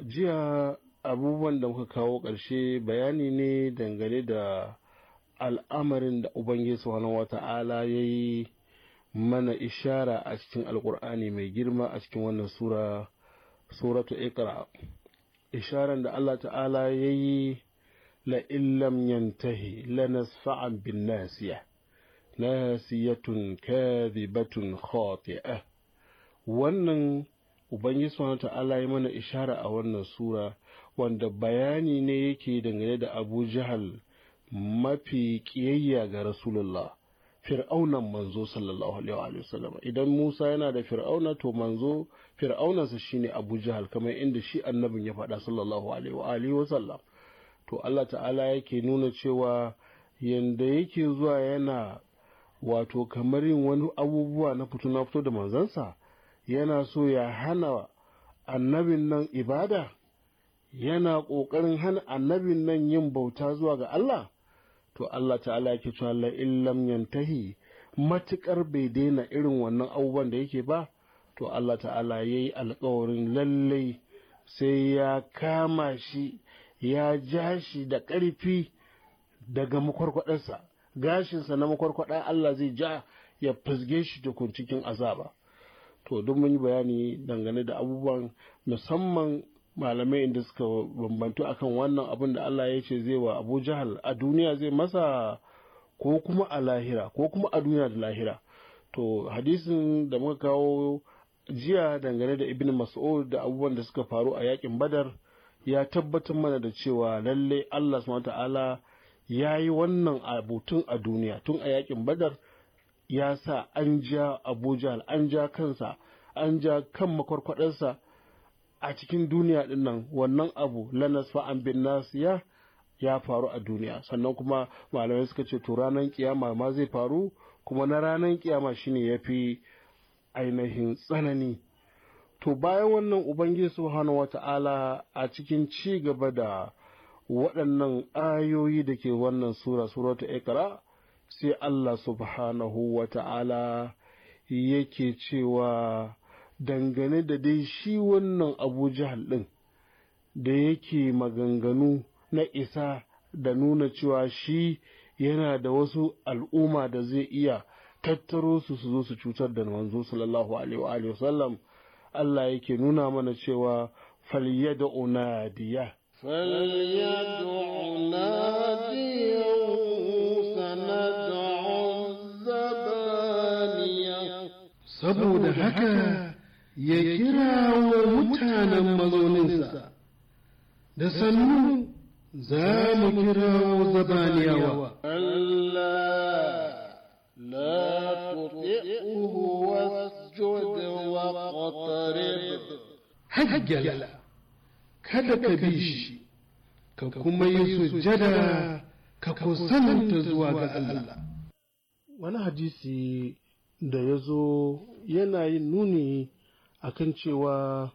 jiya abubuwan da muka kawo ƙarshe bayani ne dangane da al'amarin da ubangiji wata wata'ala ya yi mana ishara a cikin alkur'ani mai girma a cikin wannan sura suratu Ikra, isharan da Allah ta'ala ya yi لئن لم ينتهي لنسفعا بالناسيه ناسيه كاذبه خاطئه wannan Ubangiji subhanahu ta'ala ya mana ishara a wannan sura wanda bayani ne yake dangane da Abu Jahal mafi kiyayya ga Rasulullah fir'aunan manzo sallallahu alaihi wa sallam idan Musa yana da fir'auna to manzo fir'aunansa shine Abu Jahal kamar inda shi annabin ya faɗa sallallahu alaihi wa sallam to Allah ta'ala yake nuna cewa yanda yake zuwa yana wato kamar yin wani abubuwa na fito na fito da manzansa yana so ya hana annabin nan ibada yana ƙoƙarin hana annabin nan yin bauta zuwa ga Allah to Allah ta'ala yake cewa la illam yantahi matukar bai daina irin wannan abubuwan da yake ba to Allah ta'ala yayi alƙawarin lallai sai ya kama shi ya ja shi da ƙarfi daga makwarkwadarsa gashinsa na makwarkwada Allah zai ja ya fizge shi tukun cikin azaba to duk mun yi bayani dangane da abubuwan musamman malamai inda suka bambantu akan wannan abin da Allah ya ce zai wa Abu Jahal a duniya zai masa ko kuma a lahira ko kuma a duniya da lahira to hadisin da muka kawo jiya dangane da Ibn Mas'ud da abubuwan da suka faru a yakin Badar ya tabbatar mana da cewa lalle Allah subhanahu ta'ala ya yi wannan abu tun a duniya tun a yakin badar ya sa an ja abuja an ja kansa an ja kan makwarkwadarsa a cikin duniya din wannan abu lanas fa'an bin nasiya ya faru a duniya sannan kuma malamai suka ce to ranar kiyama ma zai faru kuma na ranar kiyama shine ya fi ainihin tsanani to bayan wannan ubangiji subhanahu wata'ala a cikin ci gaba da waɗannan ayoyi da ke wannan sura suratu ikra sai Allah subhanahu wata'ala yake cewa dangane da dai shi wannan abu jihar ɗin da yake maganganu na isa da nuna cewa shi yana da wasu al'umma da zai iya tattaro su su zo su cutar da manzo sallallahu alaihi wa sallam Allah yake nuna mana cewa falyada unadiya unadiya saboda haka ya kira wa mutanen mazauninsa da sannu za mu kira wa zabaniyawa Allah la tuti'uhu hajjala kada ka bi shi ka kuma yi sujada ka kusanta wani hadisi da ya zo yana yin nuni akan cewa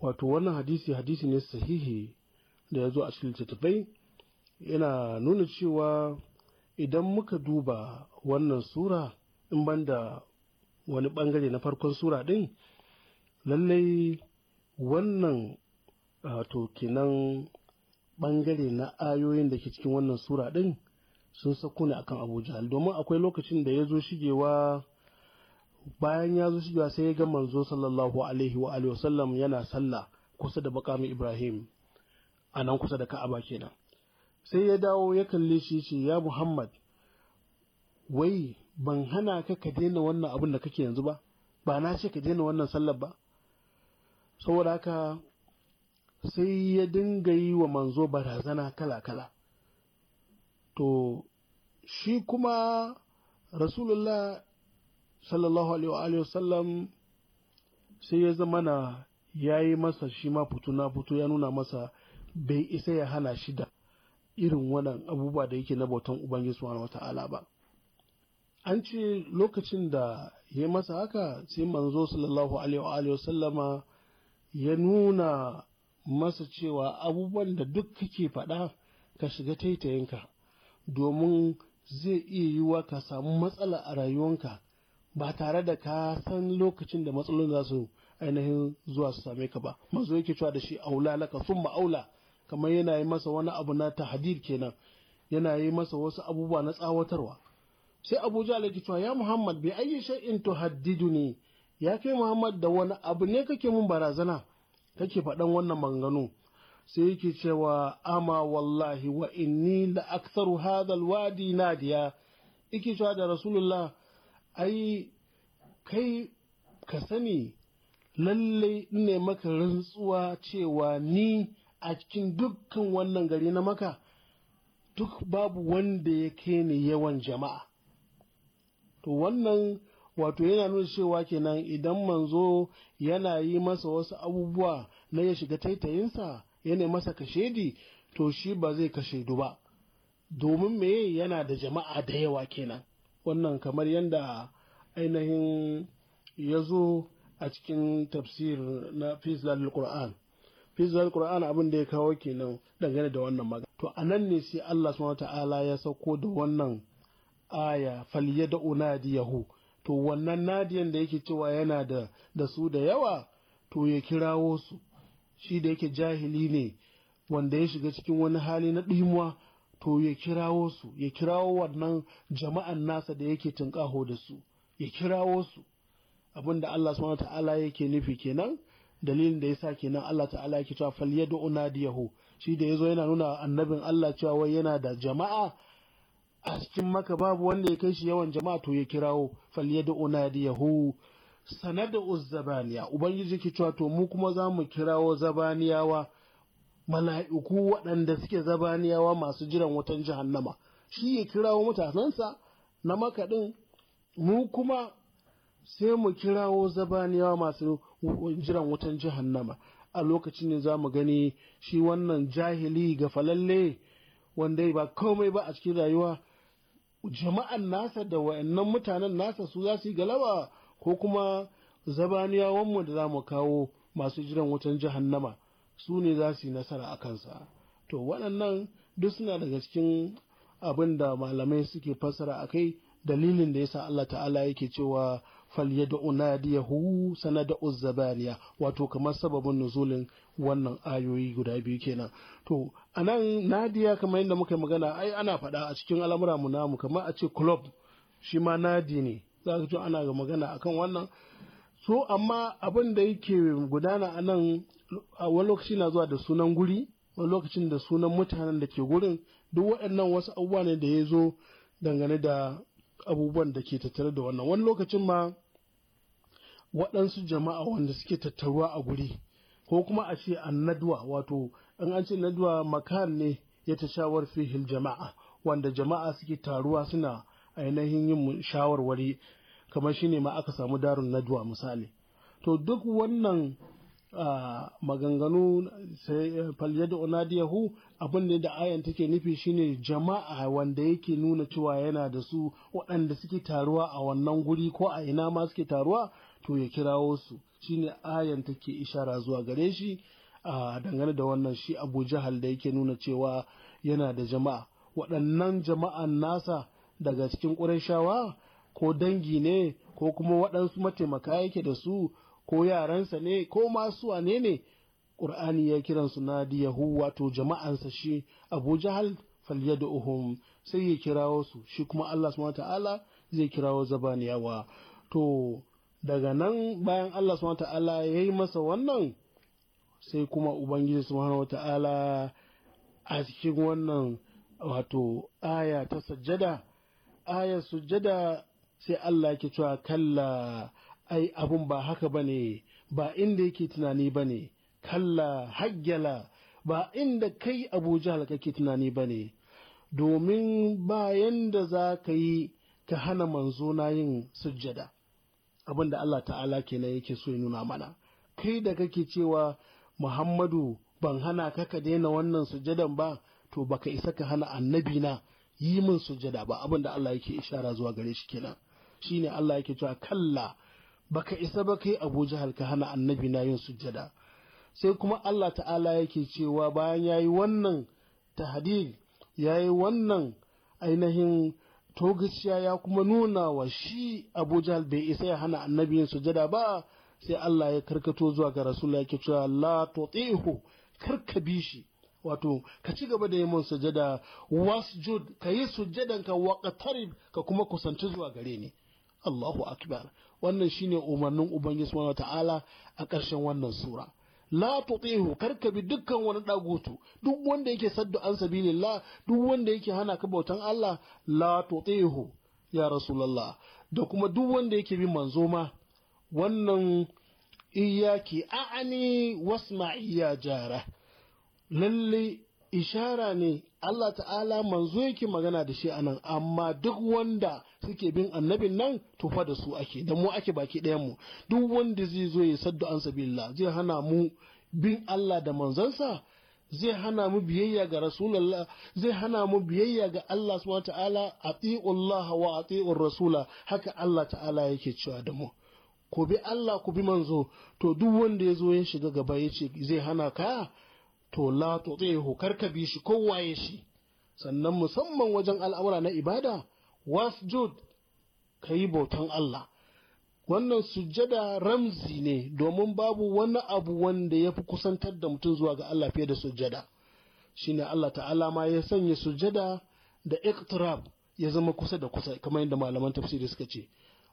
wato wannan hadisi hadisi ne sahihi da ya zo a cikin littattafai yana nuna cewa idan muka duba wannan sura in banda wani bangare na farkon sura ɗin lallai wannan wato kenan bangare na ayoyin da ke cikin wannan sura ɗin sun sako ne akan abu jahal domin akwai lokacin da ya zo shigewa bayan ya zo shigewa sai ya ga manzo sallallahu alaihi wa alihi wasallam yana sallah kusa da bakamin ibrahim a nan kusa da ka'aba kenan sai ya dawo ya kalle shi ce ya muhammad wai ban hana ka ka daina wannan abin da kake yanzu ba ba na ce ka daina wannan sallar ba saboda haka sai ya dinga yi wa manzo barazana kala-kala to shi kuma rasulullah sallallahu alaihi wasallam sai ya zama na ya yi masa shi ma fitu na fito ya nuna masa bai isa ya hana shi da irin wannan abubuwa da yake na bautan ubangiji subhanahu wata'ala ba an ce lokacin da ya masa haka sai manzo sallallahu alaihi wa sallama ya nuna masa cewa abubuwan da duk kake faɗa ka shiga taitayinka domin zai iya yiwuwa ka samu matsala a rayuwanka ba tare da ka san lokacin da matsalolin za su ainihin zuwa su same ka ba manzo yake cewa da shi aula laka sun ma'aula kamar yana yi masa wani abu na tahadir kenan yana yi masa wasu abubuwa na tsawatarwa sai abu jahal ki cewa ya muhammad bai ayyi shay'in tuhaddidu ne ya kai muhammad da wani abu ne kake mun barazana kake faɗan wannan maganganu sai yake cewa ama wallahi wa inni la aktharu hadha alwadi nadiya yake cewa da rasulullah ai kai ka sani lallai ne maka rantsuwa cewa ni a cikin dukkan wannan gari na maka duk babu wanda ya kai ni yawan jama'a to wannan wato yana nuna cewa kenan idan manzo yana yi masa wasu abubuwa na ya shiga taitayinsa yana masa kashedi to shi ba zai kashedu ba domin me yana da jama'a da yawa kenan wannan kamar yadda ainihin ya zo a cikin tafsir na fizilal qur'an fizilal qur'an abin da ya kawo kenan dangane da wannan magana to anan ne sai Allah subhanahu ta'ala ya sauko da wannan aya da unadiyahu to wannan nadiyan da yake cewa yana da da su da yawa to ya kirawo su shi da yake jahili ne wanda ya shiga cikin wani hali na ɗimuwa to ya kirawo su ya kirawo wannan jama'an nasa da yake tunƙaho da su ya kirawo su abin da Allah subhanahu ta'ala yake nufi kenan dalilin da yasa kenan Allah ta'ala yake cewa falyad'u nadiyahu shi da yazo yana nuna annabin Allah cewa wai yana da jama'a a cikin maka babu wanda ya kai shi yawan jama'a to ya kirawo Yahu. unadiyahu sanada uzzabaniya ubangiji ke cewa to mu kuma za mu kirawo zabaniyawa mala'iku waɗanda suke zabaniyawa masu jiran wutan jahannama shi ya kirawo mutanensa na maka ɗin, mu kuma sai mu kirawo zabaniyawa masu jiran wutan jahannama a lokacin ne za mu gani shi wannan jahili ga falalle wanda ba komai ba a cikin rayuwa jama'an nasa da wa'annan mutanen nasa su za su yi galaba ko kuma zabaniyawanmu da za mu kawo masu jiran wutan jahannama su ne za su yi nasara a kansa to waɗannan duk suna daga cikin abin da malamai suke fassara a kai dalilin da yasa Allah ta'ala yake cewa falyad'u nadiyahu sanad'u zabaniya wato kamar sababin nuzulin wannan ayoyi guda biyu kenan to anan nadiya kamar yadda muka magana ai ana faɗa a cikin al'amura mu namu kamar a ce club shi ma nadi ne za ka ce ana ga magana akan wannan so amma abin da yake gudana a nan a wani lokaci na zuwa da sunan guri wani lokacin da sunan mutanen da ke gurin duk waɗannan wasu abubuwa ne da ya zo dangane da abubuwan da ke tattare da wannan wani lokacin ma waɗansu jama'a wanda suke tattaruwa a guri ko kuma a ce annadwa wato in an ce nadwa makan ne ya ta shawar fihil jama'a wanda jama'a suke taruwa suna ainihin yin shawarwari kamar shine ma aka samu darin nadwa misali to duk wannan maganganu da onadiyahu abin da ayan take nufi shine jama'a wanda yake nuna cewa yana da su waɗanda suke taruwa a wannan guri ko a ina ma suke taruwa to ya kirawo su shine ayan take ishara zuwa gare shi a dangane da wannan shi abu jahal da yake nuna cewa yana da jama'a waɗannan jama'an nasa daga cikin ƙurashawa ko dangi ne ko kuma waɗansu mataimaka yake da su ko yaransa ne ko masu wane ne ƙur'ani ya kiransu na diyahu wato jama'ansa shi abu jahal falyad'uhum sai ya kirawo su shi kuma Allah subhanahu ta'ala zai kirawo zabaniyawa to daga nan bayan Allah subhanahu ta'ala ya yi masa wannan sai kuma Ubangiji subhanahu ta'ala a cikin wannan wato aya ta sajjada aya sujjada sai Allah ke cewa kalla ai abun ba haka ba ne, ba inda yake tunani ba ne, kalla hagyala, ba inda kai Abu jihar kake tunani ba ne, domin bayan da za ka yi ka hana manzo na yin sujjada abin da Allah ta'ala kenan yake so ya nuna mana kai da kake cewa Muhammadu ban hana ka ka daina wannan sujadan ba to baka isa ka hana annabi na yi min sujada ba abin da Allah yake ishara zuwa gare shi kenan shine Allah yake cewa kalla baka isa ba kai Abu Jahal ka hana annabi na yin sujada sai kuma Allah ta'ala yake cewa bayan yayi wannan tahdid yayi wannan ainihin to gaskiya ya kuma nuna wa shi abu jahal bai isa ya hana annabi yin sujada ba sai Allah ya karkato zuwa ga rasulullah yake cewa la tuti'hu karka bi shi wato ka ci gaba da yin sujada wasjud ka yi sujadan ka waqtarib ka kuma kusanci zuwa gare ni Allahu akbar wannan shine umarnin ubangiji subhanahu ta'ala a ƙarshen wannan sura la tutihu karka bi dukkan wani dagutu duk wanda yake saddu an sabilillah duk wanda yake hana ka bautan Allah la tutihu ya rasulullah da kuma duk wanda yake bi manzo ma wannan iyaki a'ani wasma iya jara lalle ishara ne Allah ta'ala manzo yake magana da shi anan amma duk wanda suke bin annabin nan to fa da su ake da mu ake baki ɗayan mu duk wanda zai zo ya saddu an sabilla zai hana mu bin Allah da manzansa zai hana mu biyayya ga rasulullah zai hana mu biyayya ga Allah subhanahu ta'ala atiullah wa atiur rasula haka Allah ta'ala yake cewa da mu ku bi Allah ku bi manzo to duk wanda ya zo ya shiga gaba yace zai hana ka to la tuti'hu ka bi shi kowaye shi sannan musamman wajen al'amura na ibada wasjud kayi bautan Allah wannan sujjada ramzi ne domin babu wani abu wanda ya fi kusantar da mutum zuwa ga Allah fiye da sujjada ne Allah ta'ala ma ya sanya sujjada da iqtirab ya zama kusa da kusa kamar yadda malaman tafsiri suka ce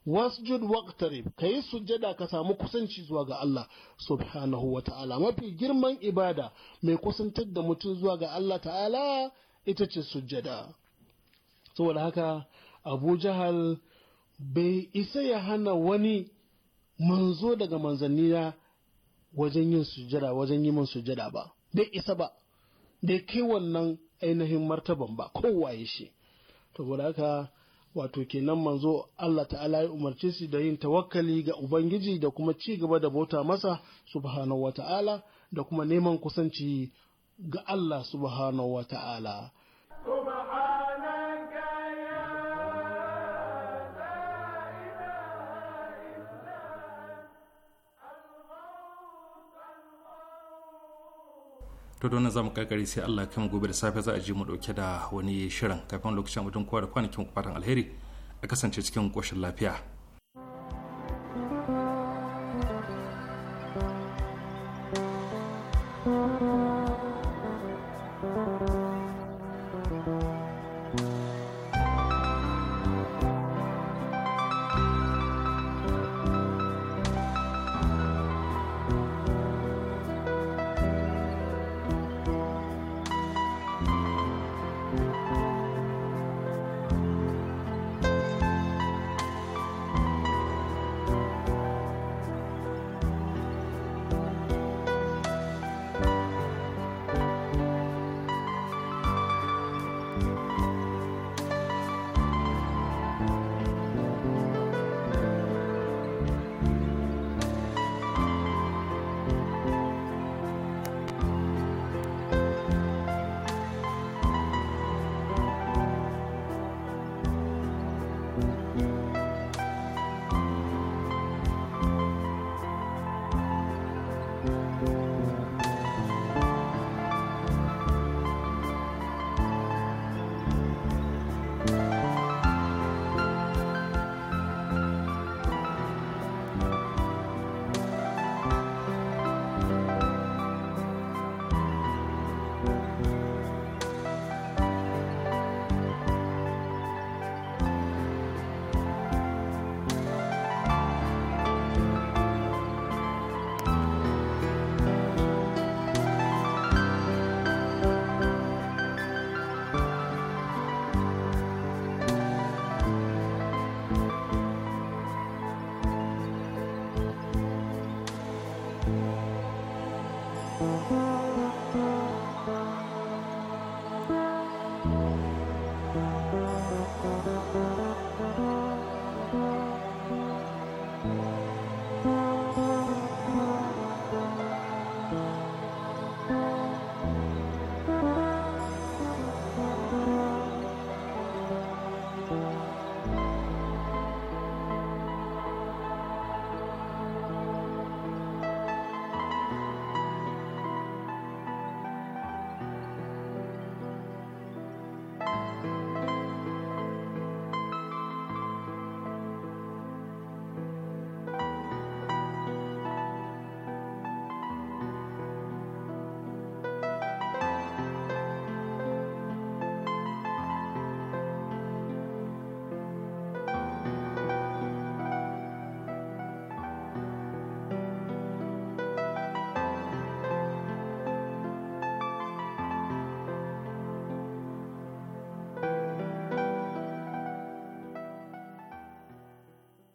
wasjud waqtarib kayi sujjada ka samu kusanci zuwa ga Allah subhanahu wa ta'ala mafi girman ibada mai kusantar da mutum zuwa ga Allah ta'ala ita ce sujjada saboda haka abu jahal bai isa ya hana wani manzo daga manzanniya wajen yin sujjada wajen yi min sujjada ba bai isa ba bai kai wannan ainihin martaban ba ya shi saboda haka wato kenan manzo Allah ta'ala ya umarce su da yin tawakkali ga Ubangiji da kuma ci gaba da bauta masa subhanahu wa ta'ala da kuma neman kusanci ga Allah subhanahu wa ta'ala to don zamu kakari sai Allah kan gobe da safe za a ji mu dauke da wani shirin kafin lokacin mutum kowa da kwanakin fatan alheri a kasance cikin koshin lafiya